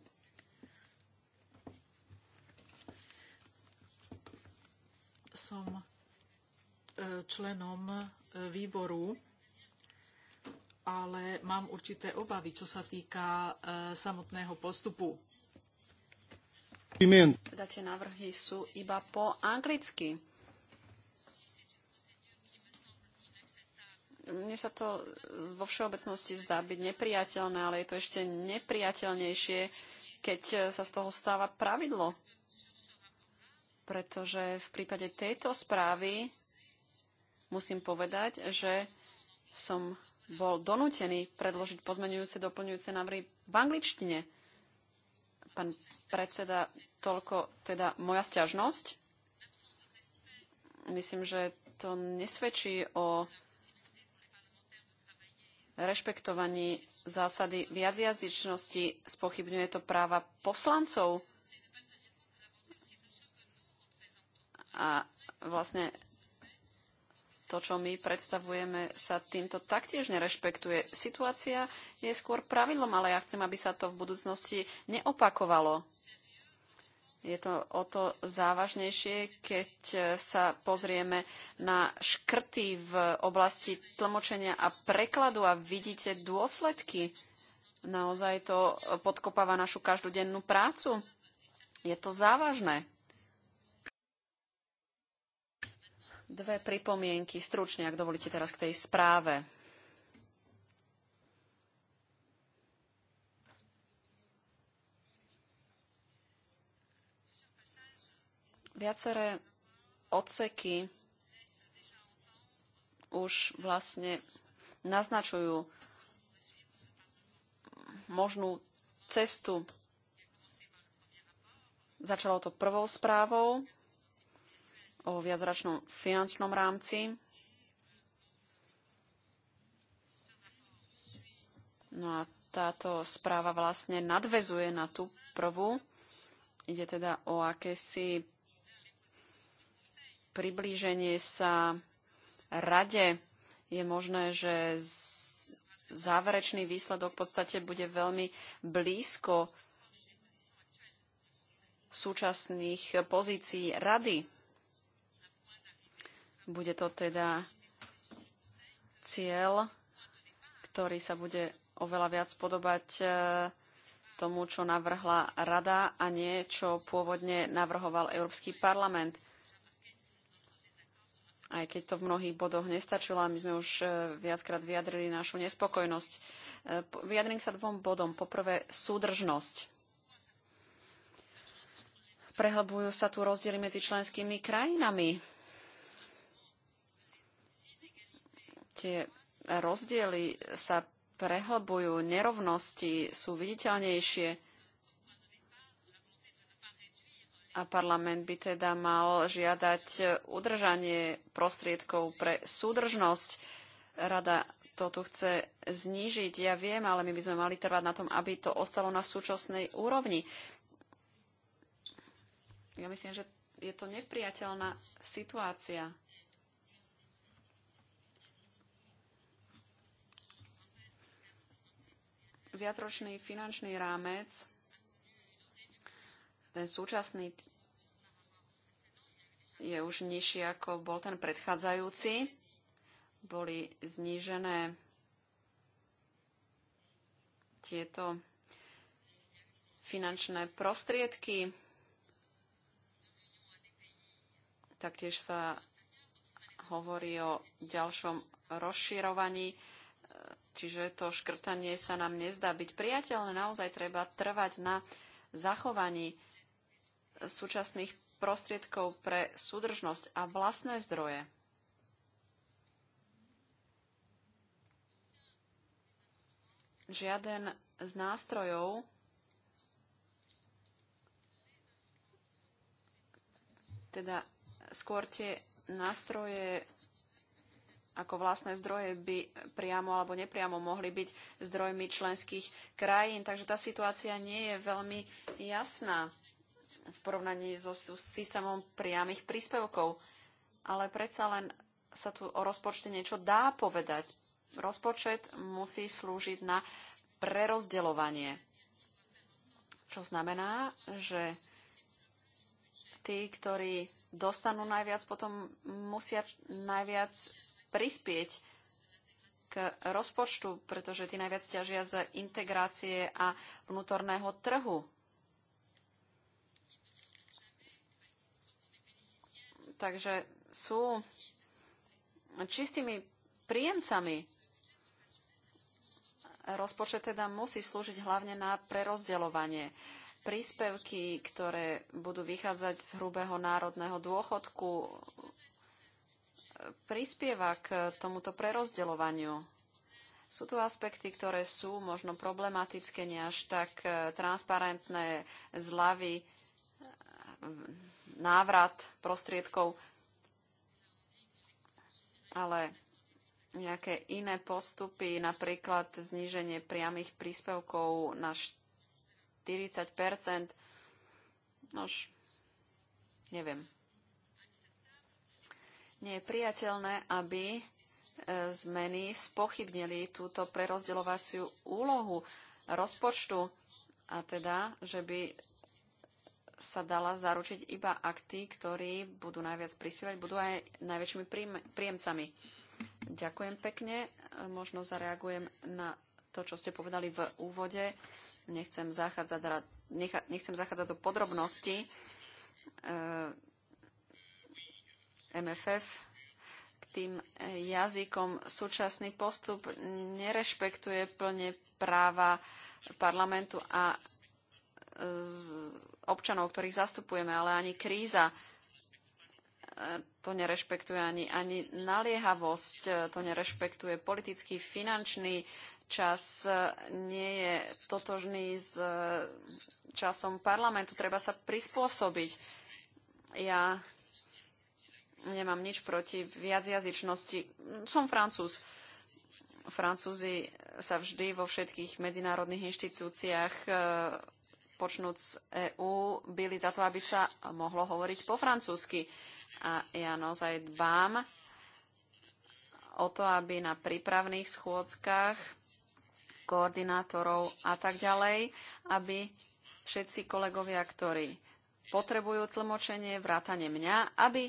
Speaker 2: Som eh, členom výboru, ale mám určité obavy, čo sa týka samotného postupu. Teda
Speaker 3: tie návrhy sú iba po anglicky. Mne sa to vo všeobecnosti zdá byť nepriateľné, ale je to ešte nepriateľnejšie, keď sa z toho stáva pravidlo. Pretože v prípade tejto správy musím povedať, že som bol donútený predložiť pozmenujúce, doplňujúce návrhy v angličtine. Pán predseda, toľko teda moja stiažnosť. Myslím, že to nesvedčí o rešpektovaní zásady viacjazyčnosti, spochybňuje to práva poslancov a vlastne to, čo my predstavujeme, sa týmto taktiež nerešpektuje. Situácia je skôr pravidlom, ale ja chcem, aby sa to v budúcnosti neopakovalo. Je to o to závažnejšie, keď sa pozrieme na škrty v oblasti tlmočenia a prekladu a vidíte dôsledky. Naozaj to podkopáva našu každodennú prácu. Je to závažné. Dve pripomienky stručne, ak dovolíte teraz k tej správe. Viaceré odseky už vlastne naznačujú možnú cestu. Začalo to prvou správou, o viacračnom finančnom rámci. No a táto správa vlastne nadvezuje na tú prvú. Ide teda o akési priblíženie sa rade. Je možné, že záverečný výsledok v podstate bude veľmi blízko súčasných pozícií rady. Bude to teda cieľ, ktorý sa bude oveľa viac podobať e, tomu, čo navrhla Rada a nie, čo pôvodne navrhoval Európsky parlament. Aj keď to v mnohých bodoch nestačilo, a my sme už e, viackrát vyjadrili našu nespokojnosť. E, vyjadrím sa dvom bodom. Poprvé, súdržnosť. Prehlbujú sa tu rozdiely medzi členskými krajinami Tie rozdiely sa prehlbujú, nerovnosti sú viditeľnejšie a parlament by teda mal žiadať udržanie prostriedkov pre súdržnosť. Rada to tu chce znížiť, ja viem, ale my by sme mali trvať na tom, aby to ostalo na súčasnej úrovni. Ja myslím, že je to nepriateľná situácia. viacročný finančný rámec, ten súčasný je už nižší ako bol ten predchádzajúci. Boli znížené tieto finančné prostriedky. Taktiež sa hovorí o ďalšom rozširovaní Čiže to škrtanie sa nám nezdá byť priateľné. Naozaj treba trvať na zachovaní súčasných prostriedkov pre súdržnosť a vlastné zdroje. Žiaden z nástrojov teda skôr tie nástroje ako vlastné zdroje by priamo alebo nepriamo mohli byť zdrojmi členských krajín. Takže tá situácia nie je veľmi jasná v porovnaní so systémom priamých príspevkov. Ale predsa len sa tu o rozpočte niečo dá povedať. Rozpočet musí slúžiť na prerozdeľovanie. Čo znamená, že tí, ktorí dostanú najviac, potom musia najviac prispieť k rozpočtu, pretože tí najviac ťažia z integrácie a vnútorného trhu. Takže sú čistými príjemcami. Rozpočet teda musí slúžiť hlavne na prerozdeľovanie príspevky, ktoré budú vychádzať z hrubého národného dôchodku, prispieva k eh, tomuto prerozdeľovaniu. Sú tu aspekty, ktoré sú možno problematické, nie až tak eh, transparentné zľavy, eh, návrat prostriedkov, ale nejaké iné postupy, napríklad zníženie priamých príspevkov na 40 Nož, neviem. Nie je priateľné, aby e, zmeny spochybnili túto prerozdeľovaciu úlohu rozpočtu a teda, že by sa dala zaručiť iba akty, ktorí budú najviac prispievať, budú aj najväčšími príjemcami. Ďakujem pekne. Možno zareagujem na to, čo ste povedali v úvode. Nechcem zachádzať, nechcem zachádzať do podrobností e, MFF, k tým e, jazykom súčasný postup nerešpektuje plne práva parlamentu a e, občanov, ktorých zastupujeme, ale ani kríza e, to nerešpektuje, ani, ani naliehavosť to nerešpektuje. Politický, finančný čas nie je totožný s časom parlamentu. Treba sa prispôsobiť. Ja Nemám nič proti viacjazyčnosti. Som francúz. Francúzi sa vždy vo všetkých medzinárodných inštitúciách e, počnúc EÚ byli za to, aby sa mohlo hovoriť po francúzsky. A ja naozaj dbám o to, aby na prípravných schôdzkach koordinátorov a tak ďalej, aby všetci kolegovia, ktorí potrebujú tlmočenie, vrátane mňa, aby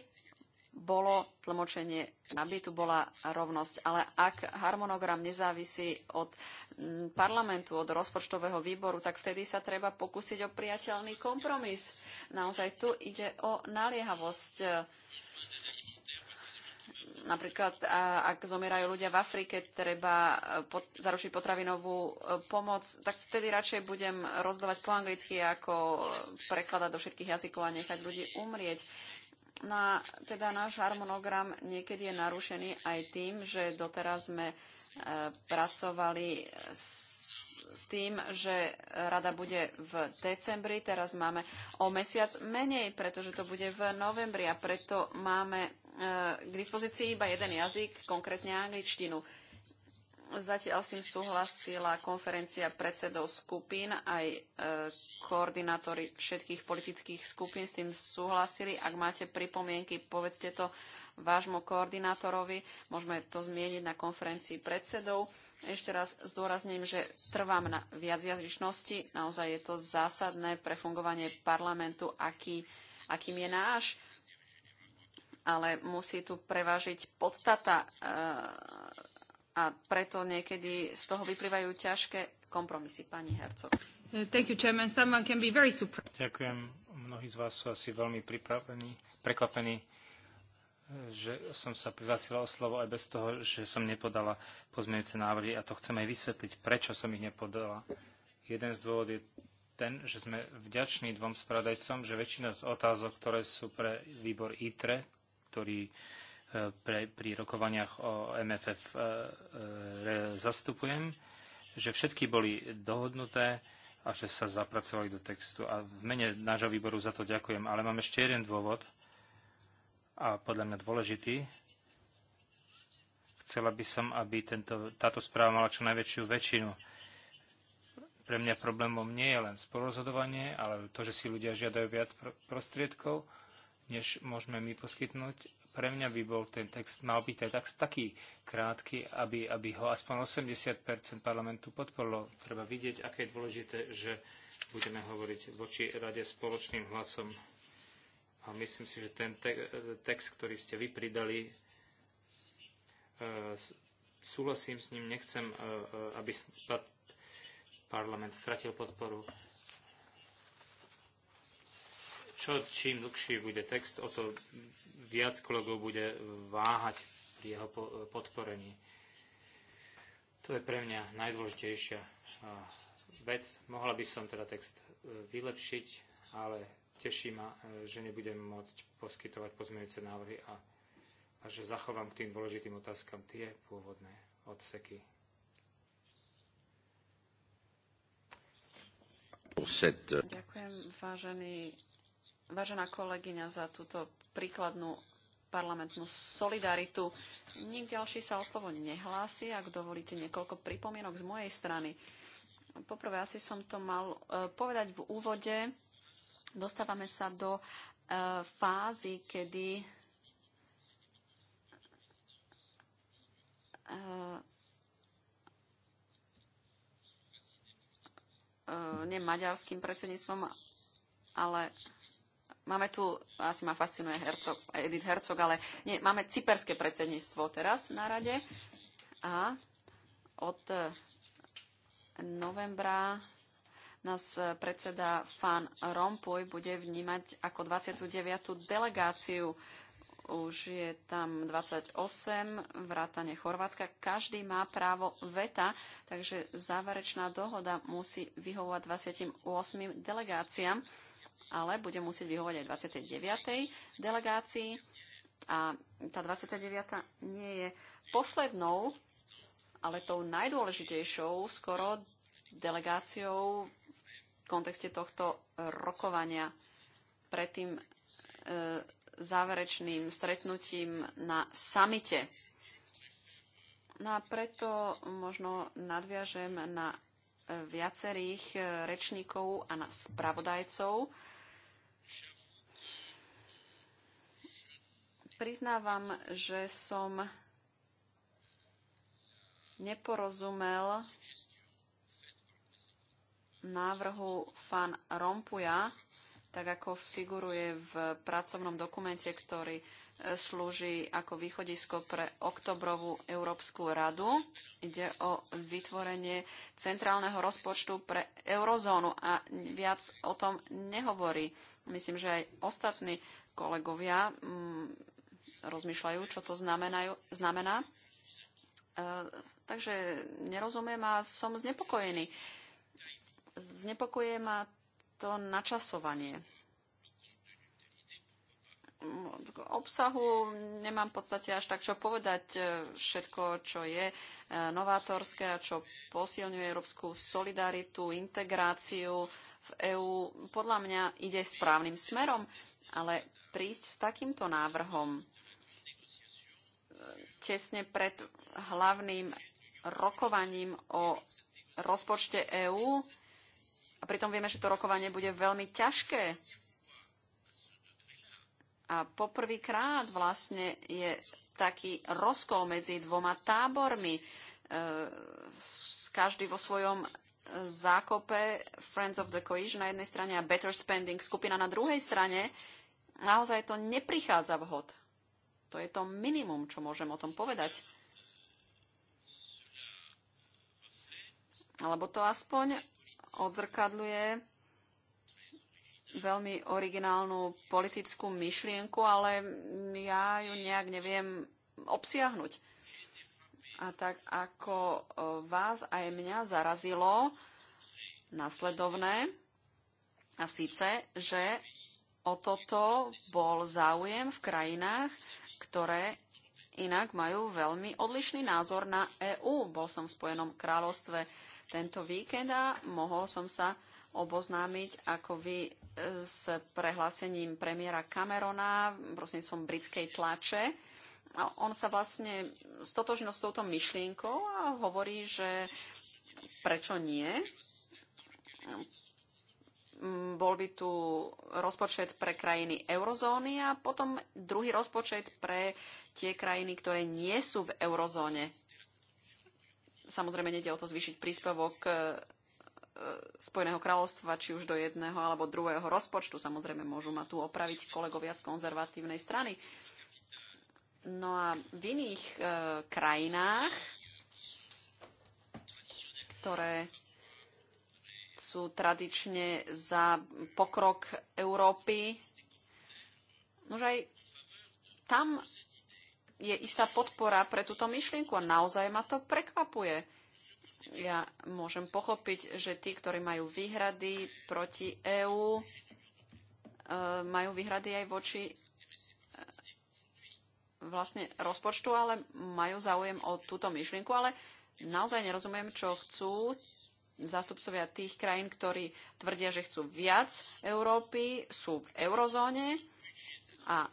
Speaker 3: bolo tlmočenie, aby tu bola rovnosť. Ale ak harmonogram nezávisí od mm, parlamentu, od rozpočtového výboru, tak vtedy sa treba pokúsiť o priateľný kompromis. Naozaj tu ide o naliehavosť. Napríklad, ak zomierajú ľudia v Afrike, treba e, pot- zaručiť potravinovú e, pomoc, tak vtedy radšej budem rozdávať po anglicky, ako e, prekladať do všetkých jazykov a nechať ľudí umrieť. No a teda náš harmonogram niekedy je narušený aj tým, že doteraz sme e, pracovali s s tým, že rada bude v decembri, teraz máme o mesiac menej, pretože to bude v novembri a preto máme e, k dispozícii iba jeden jazyk, konkrétne angličtinu. Zatiaľ s tým súhlasila konferencia predsedov skupín, aj e, koordinátori všetkých politických skupín s tým súhlasili. Ak máte pripomienky, povedzte to vášmu koordinátorovi. Môžeme to zmieniť na konferencii predsedov. Ešte raz zdôrazním, že trvám na viacjazyčnosti. Naozaj je to zásadné pre fungovanie parlamentu, aký, akým je náš ale musí tu prevážiť podstata e, a preto niekedy z toho vyplývajú ťažké kompromisy. Pani Hercog. Uh, thank you, Chairman. Someone can be very
Speaker 1: Ďakujem. Mnohí z vás sú asi veľmi pripravení, prekvapení, uh, že som sa prihlásila o slovo aj bez toho, že som nepodala pozmeňujúce návrhy a to chcem aj vysvetliť, prečo som ich nepodala. Jeden z dôvodov je ten, že sme vďační dvom spravodajcom, že väčšina z otázok, ktoré sú pre výbor ITRE, ktorý pre, pri rokovaniach o MFF e, e, zastupujem, že všetky boli dohodnuté a že sa zapracovali do textu. A v mene nášho výboru za to ďakujem. Ale mám ešte jeden dôvod, a podľa mňa dôležitý. Chcela by som, aby tento, táto správa mala čo najväčšiu väčšinu. Pre mňa problémom nie je len spolurozhodovanie, ale to, že si ľudia žiadajú viac prostriedkov, než môžeme my poskytnúť pre mňa by bol ten text, mal byť aj tak, taký krátky, aby, aby ho aspoň 80 parlamentu podporilo. Treba vidieť, aké je dôležité, že budeme hovoriť voči rade spoločným hlasom. A myslím si, že ten te- text, ktorý ste vy pridali, e, súhlasím s ním, nechcem, e, e aby parlament stratil podporu čo čím dlhší bude text, o to viac kolegov bude váhať pri jeho podporení. To je pre mňa najdôležitejšia vec. Mohla by som teda text e, vylepšiť, ale teší ma, e, že nebudem môcť poskytovať pozmeňujúce návrhy a, a že zachovám k tým dôležitým otázkam tie pôvodné odseky. Ďakujem,
Speaker 3: vážený vážená kolegyňa, za túto príkladnú parlamentnú solidaritu. Nik ďalší sa o slovo nehlási, ak dovolíte niekoľko pripomienok z mojej strany. Poprvé, asi som to mal e, povedať v úvode. Dostávame sa do e, fázy, kedy e, e maďarským predsedníctvom, ale Máme tu, asi ma fascinuje Hercog, Edith Hercog, ale nie, máme cyperské predsedníctvo teraz na rade a od e, novembra nás e, predseda Fan Rompuy bude vnímať ako 29. delegáciu. Už je tam 28, vrátane Chorvátska. Každý má právo veta, takže záverečná dohoda musí vyhovovať 28 delegáciám ale budem musieť vyhovať aj 29. delegácii. A tá 29. nie je poslednou, ale tou najdôležitejšou skoro delegáciou v kontexte tohto rokovania pred tým e, záverečným stretnutím na samite. No a preto možno nadviažem na e, viacerých e, rečníkov a na spravodajcov. Priznávam, že som neporozumel návrhu Fan Rompuja, tak ako figuruje v pracovnom dokumente, ktorý e, slúži ako východisko pre oktobrovú Európsku radu. Ide o vytvorenie centrálneho rozpočtu pre eurozónu a viac o tom nehovorí. Myslím, že aj ostatní kolegovia mm, rozmýšľajú, čo to znamenajú, znamená. E, takže nerozumiem a som znepokojený. Znepokojuje ma to načasovanie. K obsahu nemám v podstate až tak čo povedať. E, všetko, čo je e, novátorské a čo posilňuje európsku solidaritu, integráciu, v EÚ podľa mňa ide správnym smerom, ale prísť s takýmto návrhom e, tesne pred hlavným rokovaním o rozpočte EÚ a pritom vieme, že to rokovanie bude veľmi ťažké. A poprvýkrát vlastne je taký rozkol medzi dvoma tábormi, e, každý vo svojom zákope Friends of the Cohesion na jednej strane a Better Spending skupina na druhej strane, naozaj to neprichádza vhod. To je to minimum, čo môžem o tom povedať. Alebo to aspoň odzrkadľuje veľmi originálnu politickú myšlienku, ale ja ju nejak neviem obsiahnuť. A tak ako e, vás aj mňa zarazilo nasledovné, a síce, že o toto bol záujem v krajinách, ktoré inak majú veľmi odlišný názor na EÚ. Bol som v Spojenom kráľovstve tento víkend a mohol som sa oboznámiť ako vy e, s prehlásením premiéra Camerona prosím som britskej tlače on sa vlastne stotožnil s touto myšlienkou a hovorí, že prečo nie. Mm, bol by tu rozpočet pre krajiny eurozóny a potom druhý rozpočet pre tie krajiny, ktoré nie sú v eurozóne. Samozrejme, nede o to zvýšiť príspevok e, e, Spojeného kráľovstva, či už do jedného alebo druhého rozpočtu. Samozrejme, môžu ma tu opraviť kolegovia z konzervatívnej strany. Uh, No a v iných e, krajinách, ktoré sú tradične za pokrok Európy, nož aj tam je istá podpora pre túto myšlienku a naozaj ma to prekvapuje. Ja môžem pochopiť, že tí, ktorí majú výhrady proti EÚ, e, majú výhrady aj voči vlastne rozpočtu, ale majú záujem o túto myšlienku, ale naozaj nerozumiem, čo chcú zástupcovia tých krajín, ktorí tvrdia, že chcú viac Európy, sú v eurozóne a e,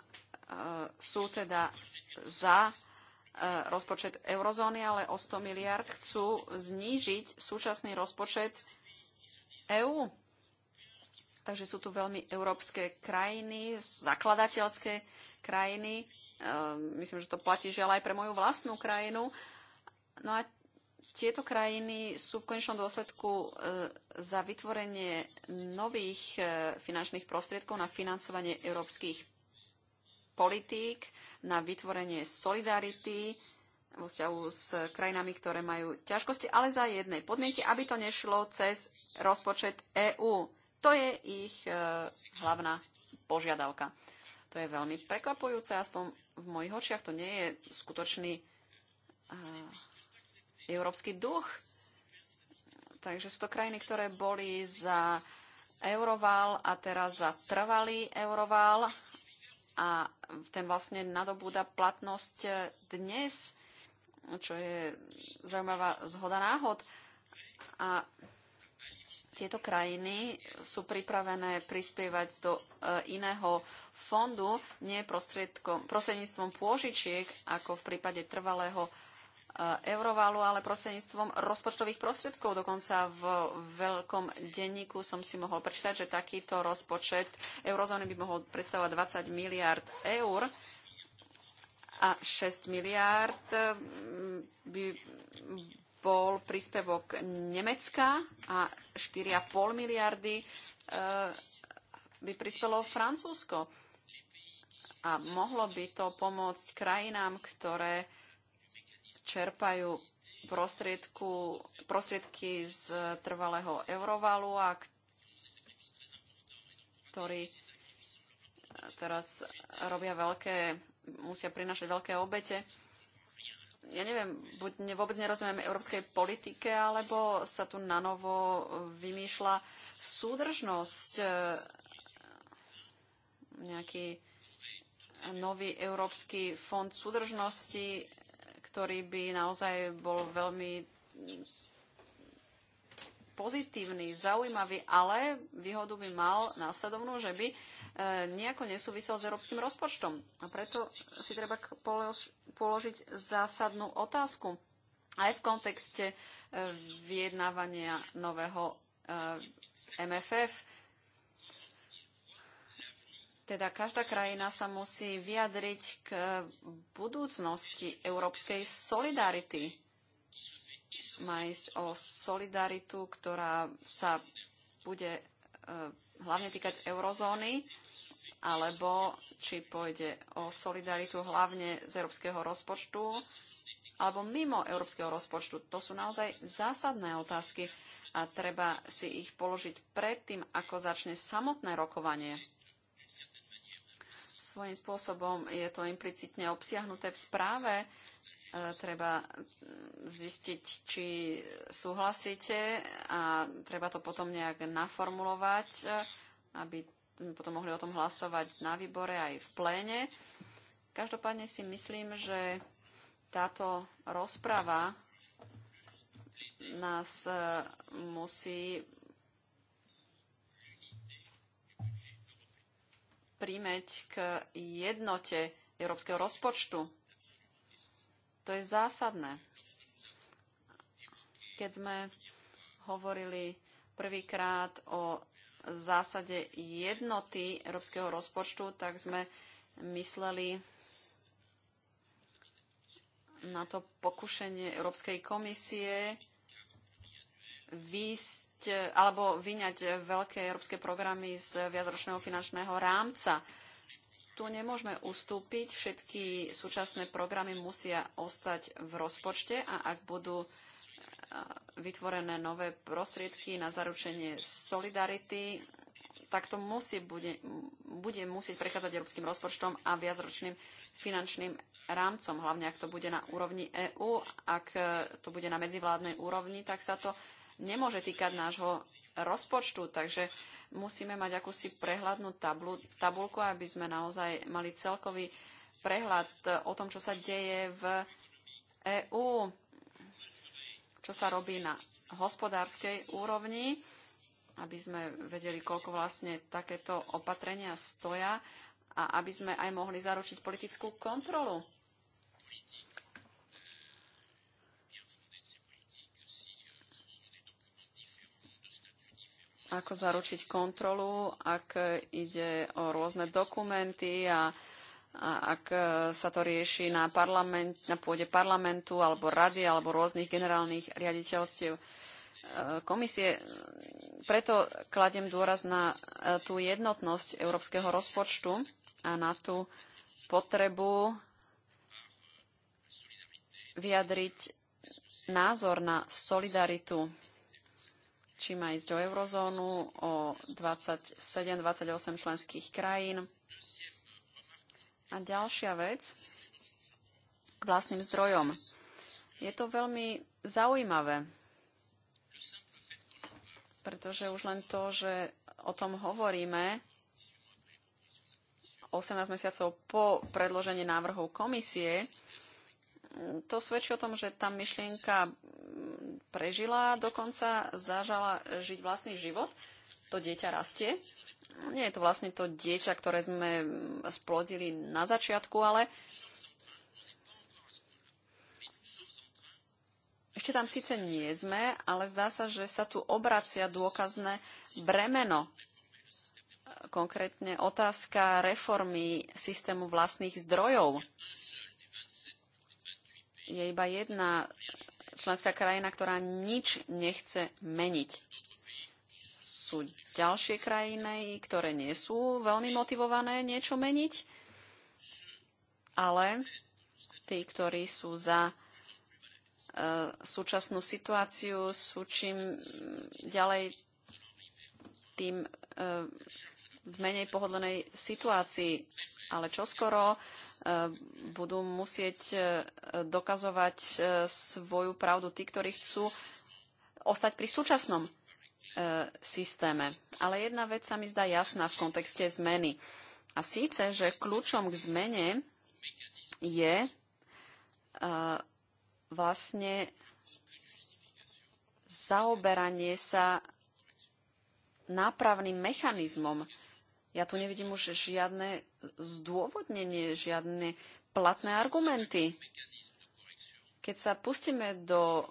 Speaker 3: sú teda za e, rozpočet eurozóny, ale o 100 miliard chcú znížiť súčasný rozpočet EÚ. Takže sú tu veľmi európske krajiny, zakladateľské krajiny, Ehm, myslím, že to platí žiaľ aj pre moju vlastnú krajinu. No a tieto krajiny sú v konečnom dôsledku e, za vytvorenie nových e, finančných prostriedkov na financovanie európskych politík, na vytvorenie solidarity vo vzťahu s krajinami, ktoré majú ťažkosti, ale za jednej podmienky, aby to nešlo cez rozpočet EÚ. To je ich e, hlavná požiadavka. To je veľmi prekvapujúce, aspoň v mojich očiach to nie je skutočný a, eh, európsky duch. Takže sú to krajiny, ktoré boli za euroval a teraz za trvalý euroval a ten vlastne nadobúda platnosť eh, dnes, čo je zaujímavá zhoda náhod. A tieto krajiny sú pripravené prispievať do e, iného fondu, nie prostredníctvom pôžičiek, ako v prípade trvalého e, eurovalu, ale prostredníctvom rozpočtových prostriedkov. Dokonca v veľkom denníku som si mohol prečítať, že takýto rozpočet eurozóny by mohol predstavovať 20 miliard eur a 6 miliard e, by bol príspevok Nemecka a 4,5 miliardy e, by prispelo Francúzsko. A mohlo by to pomôcť krajinám, ktoré čerpajú prostriedky z trvalého eurovalu a ktorí e, teraz robia veľké, musia prinašať veľké obete ja neviem, buď vôbec nerozumiem európskej politike, alebo sa tu na novo vymýšľa súdržnosť, e, nejaký nový európsky fond súdržnosti, ktorý by naozaj bol veľmi pozitívny, zaujímavý, ale výhodu by mal následovnú, že by nejako nesúvisel s európskym rozpočtom. A preto si treba položiť zásadnú otázku aj v kontekste e, vyjednávania nového e, MFF. Teda každá krajina sa musí vyjadriť k budúcnosti európskej solidarity. Má ísť o solidaritu, ktorá sa bude e, hlavne týkať eurozóny, alebo či pôjde o solidaritu hlavne z európskeho rozpočtu, alebo mimo európskeho rozpočtu. To sú naozaj zásadné otázky a treba si ich položiť predtým, ako začne samotné rokovanie. Svojím spôsobom je to implicitne obsiahnuté v správe, E, treba mm, zistiť, či súhlasíte a treba to potom nejak naformulovať, e, aby sme potom mohli o tom hlasovať na výbore aj v pléne. Každopádne si myslím, že táto rozprava nás e, musí príjmeť k jednote európskeho rozpočtu to je zásadné. Keď sme hovorili prvýkrát o zásade jednoty európskeho rozpočtu, tak sme mysleli na to pokušenie Európskej komisie výsť alebo vyňať veľké európske programy z viacročného finančného rámca tu nemôžeme ustúpiť. Všetky súčasné programy musia ostať v rozpočte a ak budú e, vytvorené nové prostriedky na zaručenie solidarity, tak to musí, bude, bude musieť prechádzať európskym rozpočtom a viacročným finančným rámcom, hlavne ak to bude na úrovni EÚ, ak e, to bude na medzivládnej úrovni, tak sa to nemôže týkať nášho rozpočtu. Takže musíme mať akúsi prehľadnú tablu, tabulku, aby sme naozaj mali celkový prehľad eh, o tom, čo sa deje v EÚ, čo sa robí na hospodárskej úrovni, aby sme vedeli, koľko vlastne takéto opatrenia stoja a aby sme aj mohli zaručiť politickú kontrolu. ako zaručiť kontrolu, ak ide o rôzne dokumenty a, a ak sa to rieši na, parlament, na pôde parlamentu alebo rady alebo rôznych generálnych riaditeľstiev e, komisie. Preto kladem dôraz na e, tú jednotnosť európskeho rozpočtu a na tú potrebu vyjadriť názor na solidaritu či má ísť do eurozónu o 27-28 členských krajín. A ďalšia vec k vlastným zdrojom. Je to veľmi zaujímavé, pretože už len to, že o tom hovoríme 18 mesiacov po predložení návrhov komisie, to svedčí o tom, že tá myšlienka prežila, dokonca zažala žiť vlastný život. To dieťa rastie. Nie je to vlastne to dieťa, ktoré sme splodili na začiatku, ale ešte tam síce nie sme, ale zdá sa, že sa tu obracia dôkazné bremeno. Konkrétne otázka reformy systému vlastných zdrojov je iba jedna členská krajina, ktorá nič nechce meniť. Sú ďalšie krajiny, ktoré nie sú veľmi motivované niečo meniť, ale tí, ktorí sú za e, súčasnú situáciu, sú čím ďalej tým e, v menej pohodlnej situácii ale čoskoro e, budú musieť e, dokazovať e, svoju pravdu tí, ktorí chcú ostať pri súčasnom systéme. Ale jedna vec sa mi zdá jasná v kontexte zmeny. A síce, že kľúčom k zmene je vlastne zaoberanie sa nápravným mechanizmom ja tu nevidím už žiadne zdôvodnenie, žiadne platné argumenty. Keď sa pustíme do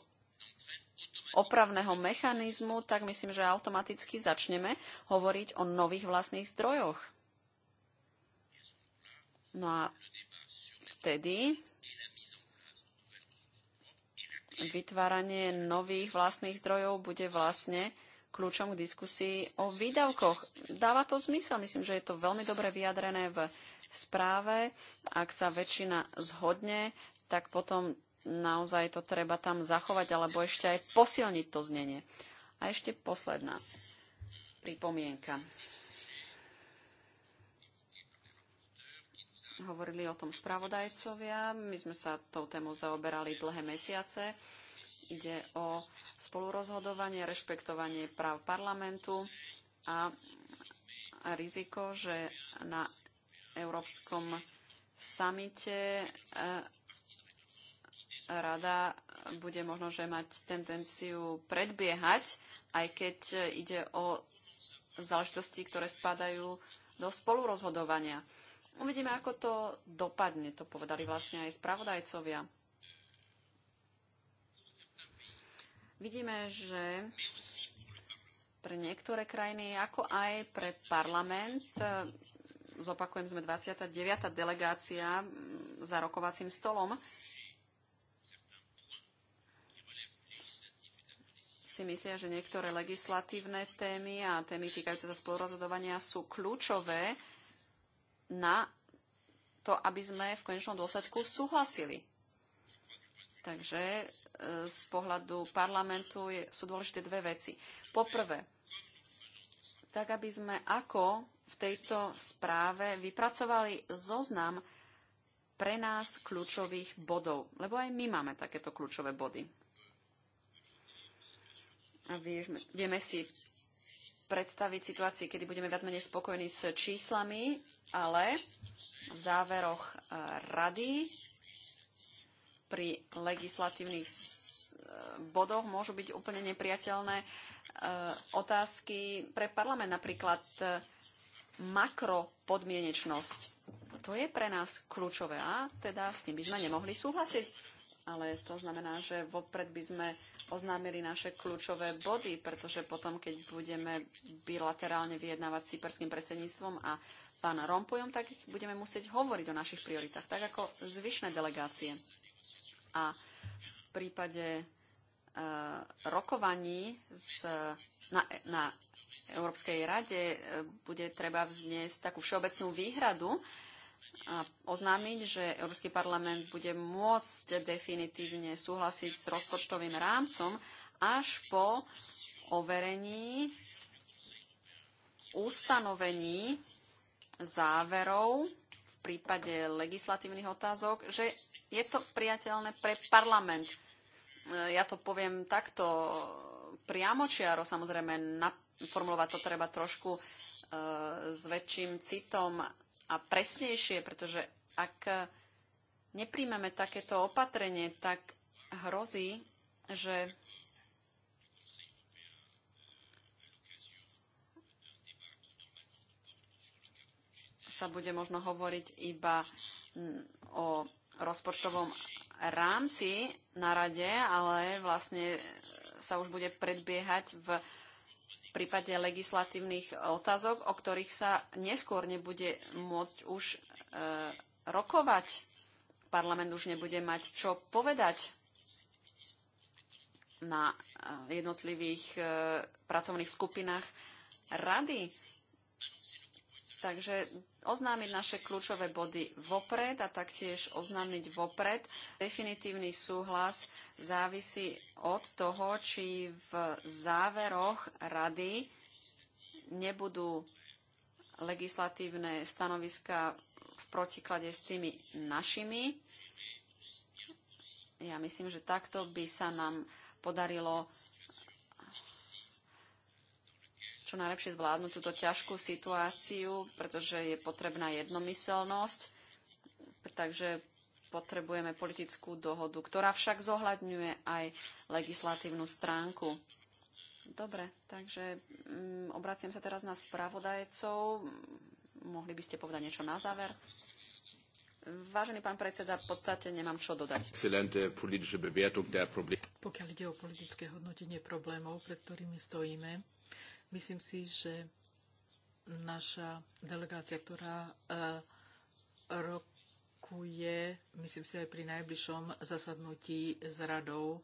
Speaker 3: opravného mechanizmu, tak myslím, že automaticky začneme hovoriť o nových vlastných zdrojoch. No a vtedy vytváranie nových vlastných zdrojov bude vlastne kľúčom k diskusii o výdavkoch. Dáva to zmysel. Myslím, že je to veľmi dobre vyjadrené v správe. Ak sa väčšina zhodne, tak potom naozaj to treba tam zachovať alebo ešte aj posilniť to znenie. A ešte posledná pripomienka. Hovorili o tom spravodajcovia. My sme sa tou témou zaoberali dlhé mesiace. Ide o spolurozhodovanie, rešpektovanie práv parlamentu a riziko, že na Európskom samite eh, rada bude možno, že mať tendenciu predbiehať, aj keď ide o záležitosti, ktoré spadajú do spolurozhodovania. Uvidíme, ako to dopadne, to povedali vlastne aj spravodajcovia. vidíme, že pre niektoré krajiny, ako aj pre parlament, zopakujem, sme 29. delegácia za rokovacím stolom, si myslia, že niektoré legislatívne témy a témy týkajúce sa spolurozhodovania sú kľúčové na to, aby sme v konečnom dôsledku súhlasili. Takže e, z pohľadu parlamentu je, sú dôležité dve veci. Poprvé, tak aby sme ako v tejto správe vypracovali zoznam pre nás kľúčových bodov, lebo aj my máme takéto kľúčové body. A vieme, vieme si predstaviť situácii, kedy budeme viac menej spokojní s číslami, ale v záveroch e, rady pri legislatívnych e, bodoch môžu byť úplne nepriateľné e, otázky pre parlament, napríklad e, makropodmienečnosť. To je pre nás kľúčové a teda s tým by sme nemohli súhlasiť. Ale to znamená, že vopred by sme oznámili naše kľúčové body, pretože potom, keď budeme bilaterálne vyjednávať s cyperským predsedníctvom a pán Rompujom, tak budeme musieť hovoriť o našich prioritách, tak ako zvyšné delegácie. A v prípade e, rokovaní z, na, na Európskej rade e, bude treba vzniesť takú všeobecnú výhradu a oznámiť, že Európsky parlament bude môcť definitívne súhlasiť s rozpočtovým rámcom až po overení ustanovení záverov prípade legislatívnych otázok, že je to priateľné pre parlament. E, ja to poviem takto priamočiaro, samozrejme, formulovať to treba trošku e, s väčším citom a presnejšie, pretože ak nepríjmeme takéto opatrenie, tak hrozí, že sa bude možno hovoriť iba o rozpočtovom rámci na rade, ale vlastne e, sa už bude predbiehať v prípade legislatívnych otázok, o ktorých sa neskôr nebude môcť už e, rokovať. Parlament už nebude mať čo povedať na e, jednotlivých e, pracovných skupinách rady. Takže oznámiť naše kľúčové body vopred a taktiež oznámiť vopred. Definitívny súhlas závisí od toho, či v záveroch rady nebudú legislatívne stanoviska v protiklade s tými našimi. Ja myslím, že takto by sa nám podarilo čo najlepšie zvládnuť túto ťažkú situáciu, pretože je potrebná jednomyselnosť. Takže potrebujeme politickú dohodu, ktorá však zohľadňuje aj legislatívnu stránku. Dobre, takže mm, obraciam sa teraz na spravodajcov. Mohli by ste povedať niečo na záver? Vážený pán predseda, v podstate nemám čo dodať.
Speaker 2: Pokiaľ ide o politické hodnotenie problémov, pred ktorými stojíme, Myslím si, že naša delegácia, ktorá e, rokuje, myslím si aj pri najbližšom zasadnutí s radou,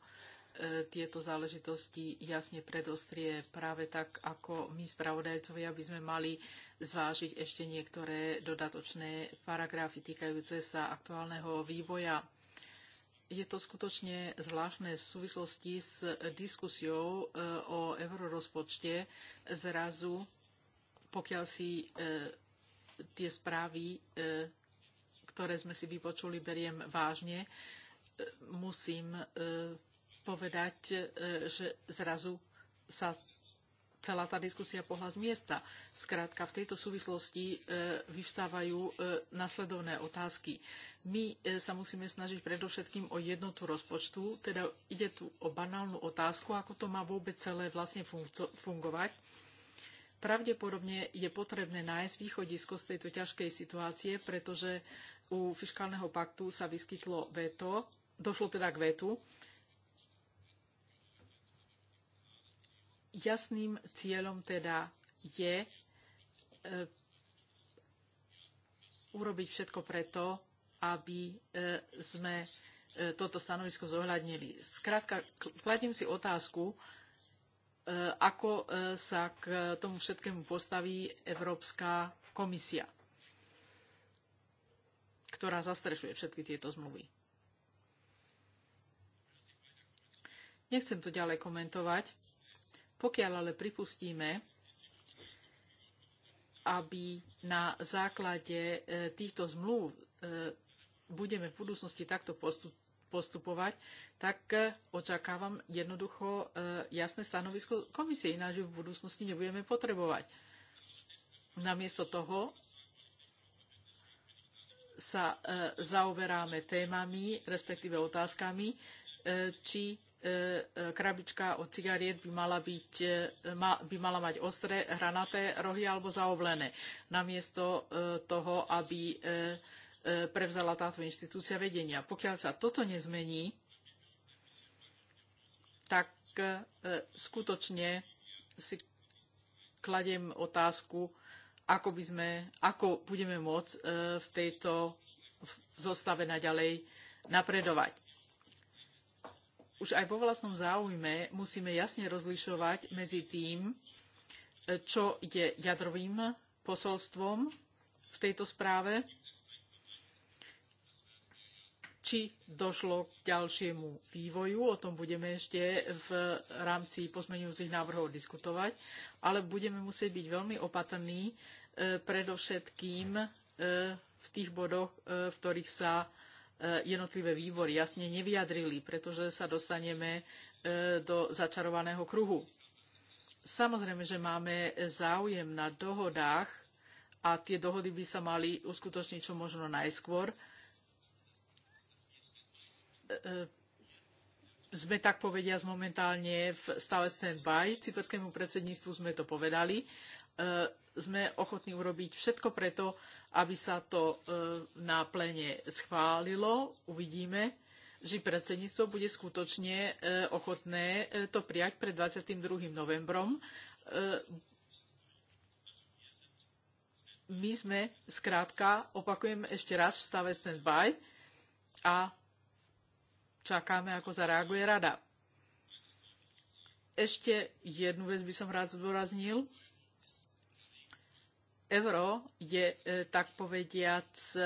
Speaker 2: e, tieto záležitosti jasne predostrie práve tak, ako my spravodajcovia aby sme mali zvážiť ešte niektoré dodatočné paragrafy týkajúce sa aktuálneho vývoja je to skutočne zvláštne v súvislosti s diskusiou e, o eurorozpočte zrazu, pokiaľ si e, tie správy, e, ktoré sme si vypočuli, beriem vážne, musím povedať, že zrazu sa celá tá diskusia pohľad z miesta. Skrátka, v tejto súvislosti e, vyvstávajú e, nasledovné otázky. My e, sa musíme snažiť predovšetkým o jednotu rozpočtu, teda ide tu o banálnu otázku, ako to má vôbec celé vlastne fungovať. Pravdepodobne je potrebné nájsť východisko z tejto ťažkej situácie, pretože u fiskálneho paktu sa vyskytlo veto, došlo teda k vetu, Jasným cieľom teda je e, urobiť všetko preto, aby e, sme e, toto stanovisko zohľadnili. Skrátka, kladím si otázku, ako sa k tomu všetkému postaví Európska komisia, ktorá zastrešuje všetky tieto zmluvy. Nechcem to ďalej komentovať. Pokiaľ ale pripustíme, aby na základe e, týchto zmluv e, budeme v budúcnosti takto postupovať, tak e, očakávam jednoducho jasné stanovisko komisie, ináč ju v budúcnosti nebudeme potrebovať. Namiesto toho sa zaoberáme témami, respektíve otázkami, či E, krabička od cigariet by mala, byť, e, by mala mať ostré, hranaté rohy alebo zaoblené. Namiesto e, toho, aby prevzala táto inštitúcia vedenia. Pokiaľ sa toto nezmení, tak skutočne si kladiem otázku, ako, by sme, ako budeme môcť v tejto zostave naďalej napredovať už aj vo vlastnom záujme musíme jasne rozlišovať medzi tým, čo je jadrovým posolstvom v tejto správe, či došlo k ďalšiemu vývoju, o tom budeme ešte v rámci pozmeňujúcich návrhov diskutovať, ale budeme musieť byť veľmi opatrní, e, predovšetkým e, v tých bodoch, e, v ktorých sa E, jednotlivé výbory jasne nevyjadrili, pretože sa dostaneme e, do začarovaného kruhu. Samozrejme, že máme záujem na dohodách a tie dohody by sa mali uskutočniť čo možno najskôr. E, sme tak povediať momentálne v stave stand-by. Cyperskému predsedníctvu sme to povedali E, sme ochotní urobiť všetko preto, aby sa to e, na plene schválilo. Uvidíme, že predsedníctvo bude skutočne e, ochotné to prijať pred 22. novembrom. My sme, skrátka, opakujem ešte raz v stave stand-by a čakáme, ako zareaguje rada. Ešte jednu vec by som rád zdôraznil euro je e, tak povediac e,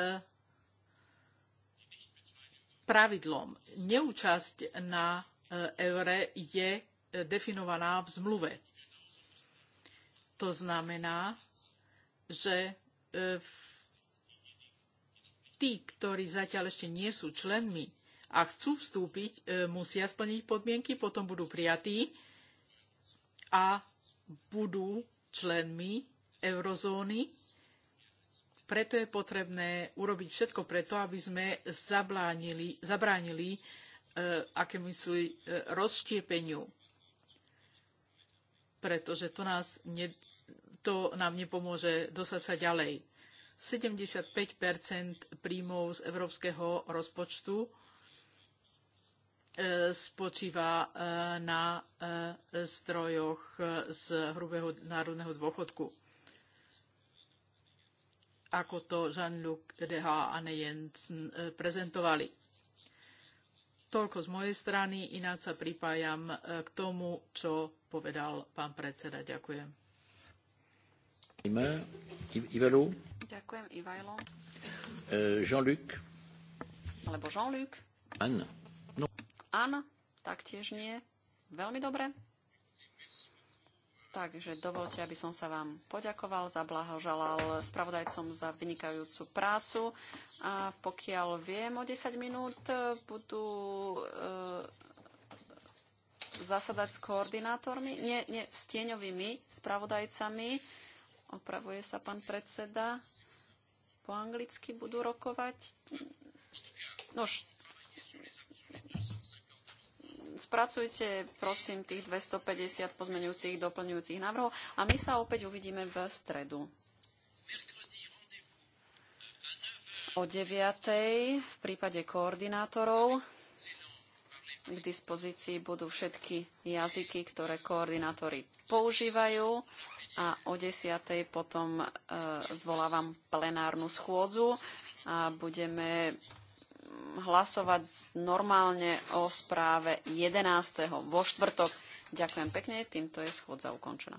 Speaker 2: pravidlom. Neúčasť na e, eure je definovaná v zmluve. To znamená, že tí, ktorí zatiaľ ešte nie sú členmi a chcú vstúpiť, musia splniť podmienky, potom budú prijatí a budú členmi eurozóny. Preto je potrebné urobiť všetko preto, aby sme zabránili, zabránili e, akémysli e, rozštiepeniu. Pretože to, nás ne, to nám nepomôže dostať sa ďalej. 75 príjmov z európskeho rozpočtu e, spočíva e, na zdrojoch z hrubého národného dôchodku ako to Jean-Luc Deha a Anne Jensen e, prezentovali. Toľko z mojej strany, ináč sa pripájam e, k tomu, čo povedal pán predseda. Ďakujem. Ivalo.
Speaker 3: Ďakujem, Ivalo. E, Jean-Luc. Alebo Jean-Luc. Anne. No. Anne, taktiež nie. Veľmi dobre. Takže dovolte, aby som sa vám poďakoval, zablahoželal spravodajcom za vynikajúcu prácu. A pokiaľ viem, o 10 minút e, budú e, zasadať s koordinátormi, nie, nie, s tieňovými spravodajcami. Opravuje sa pán predseda. Po anglicky budú rokovať. Nož, spracujte prosím tých 250 pozmenujúcich, doplňujúcich návrhov a my sa opäť uvidíme v stredu. O 9. v prípade koordinátorov k dispozícii budú všetky jazyky, ktoré koordinátori používajú a o 10. potom e, zvolávam plenárnu schôdzu a budeme hlasovať normálne o správe 11. vo štvrtok. Ďakujem pekne, týmto je schôdza ukončená.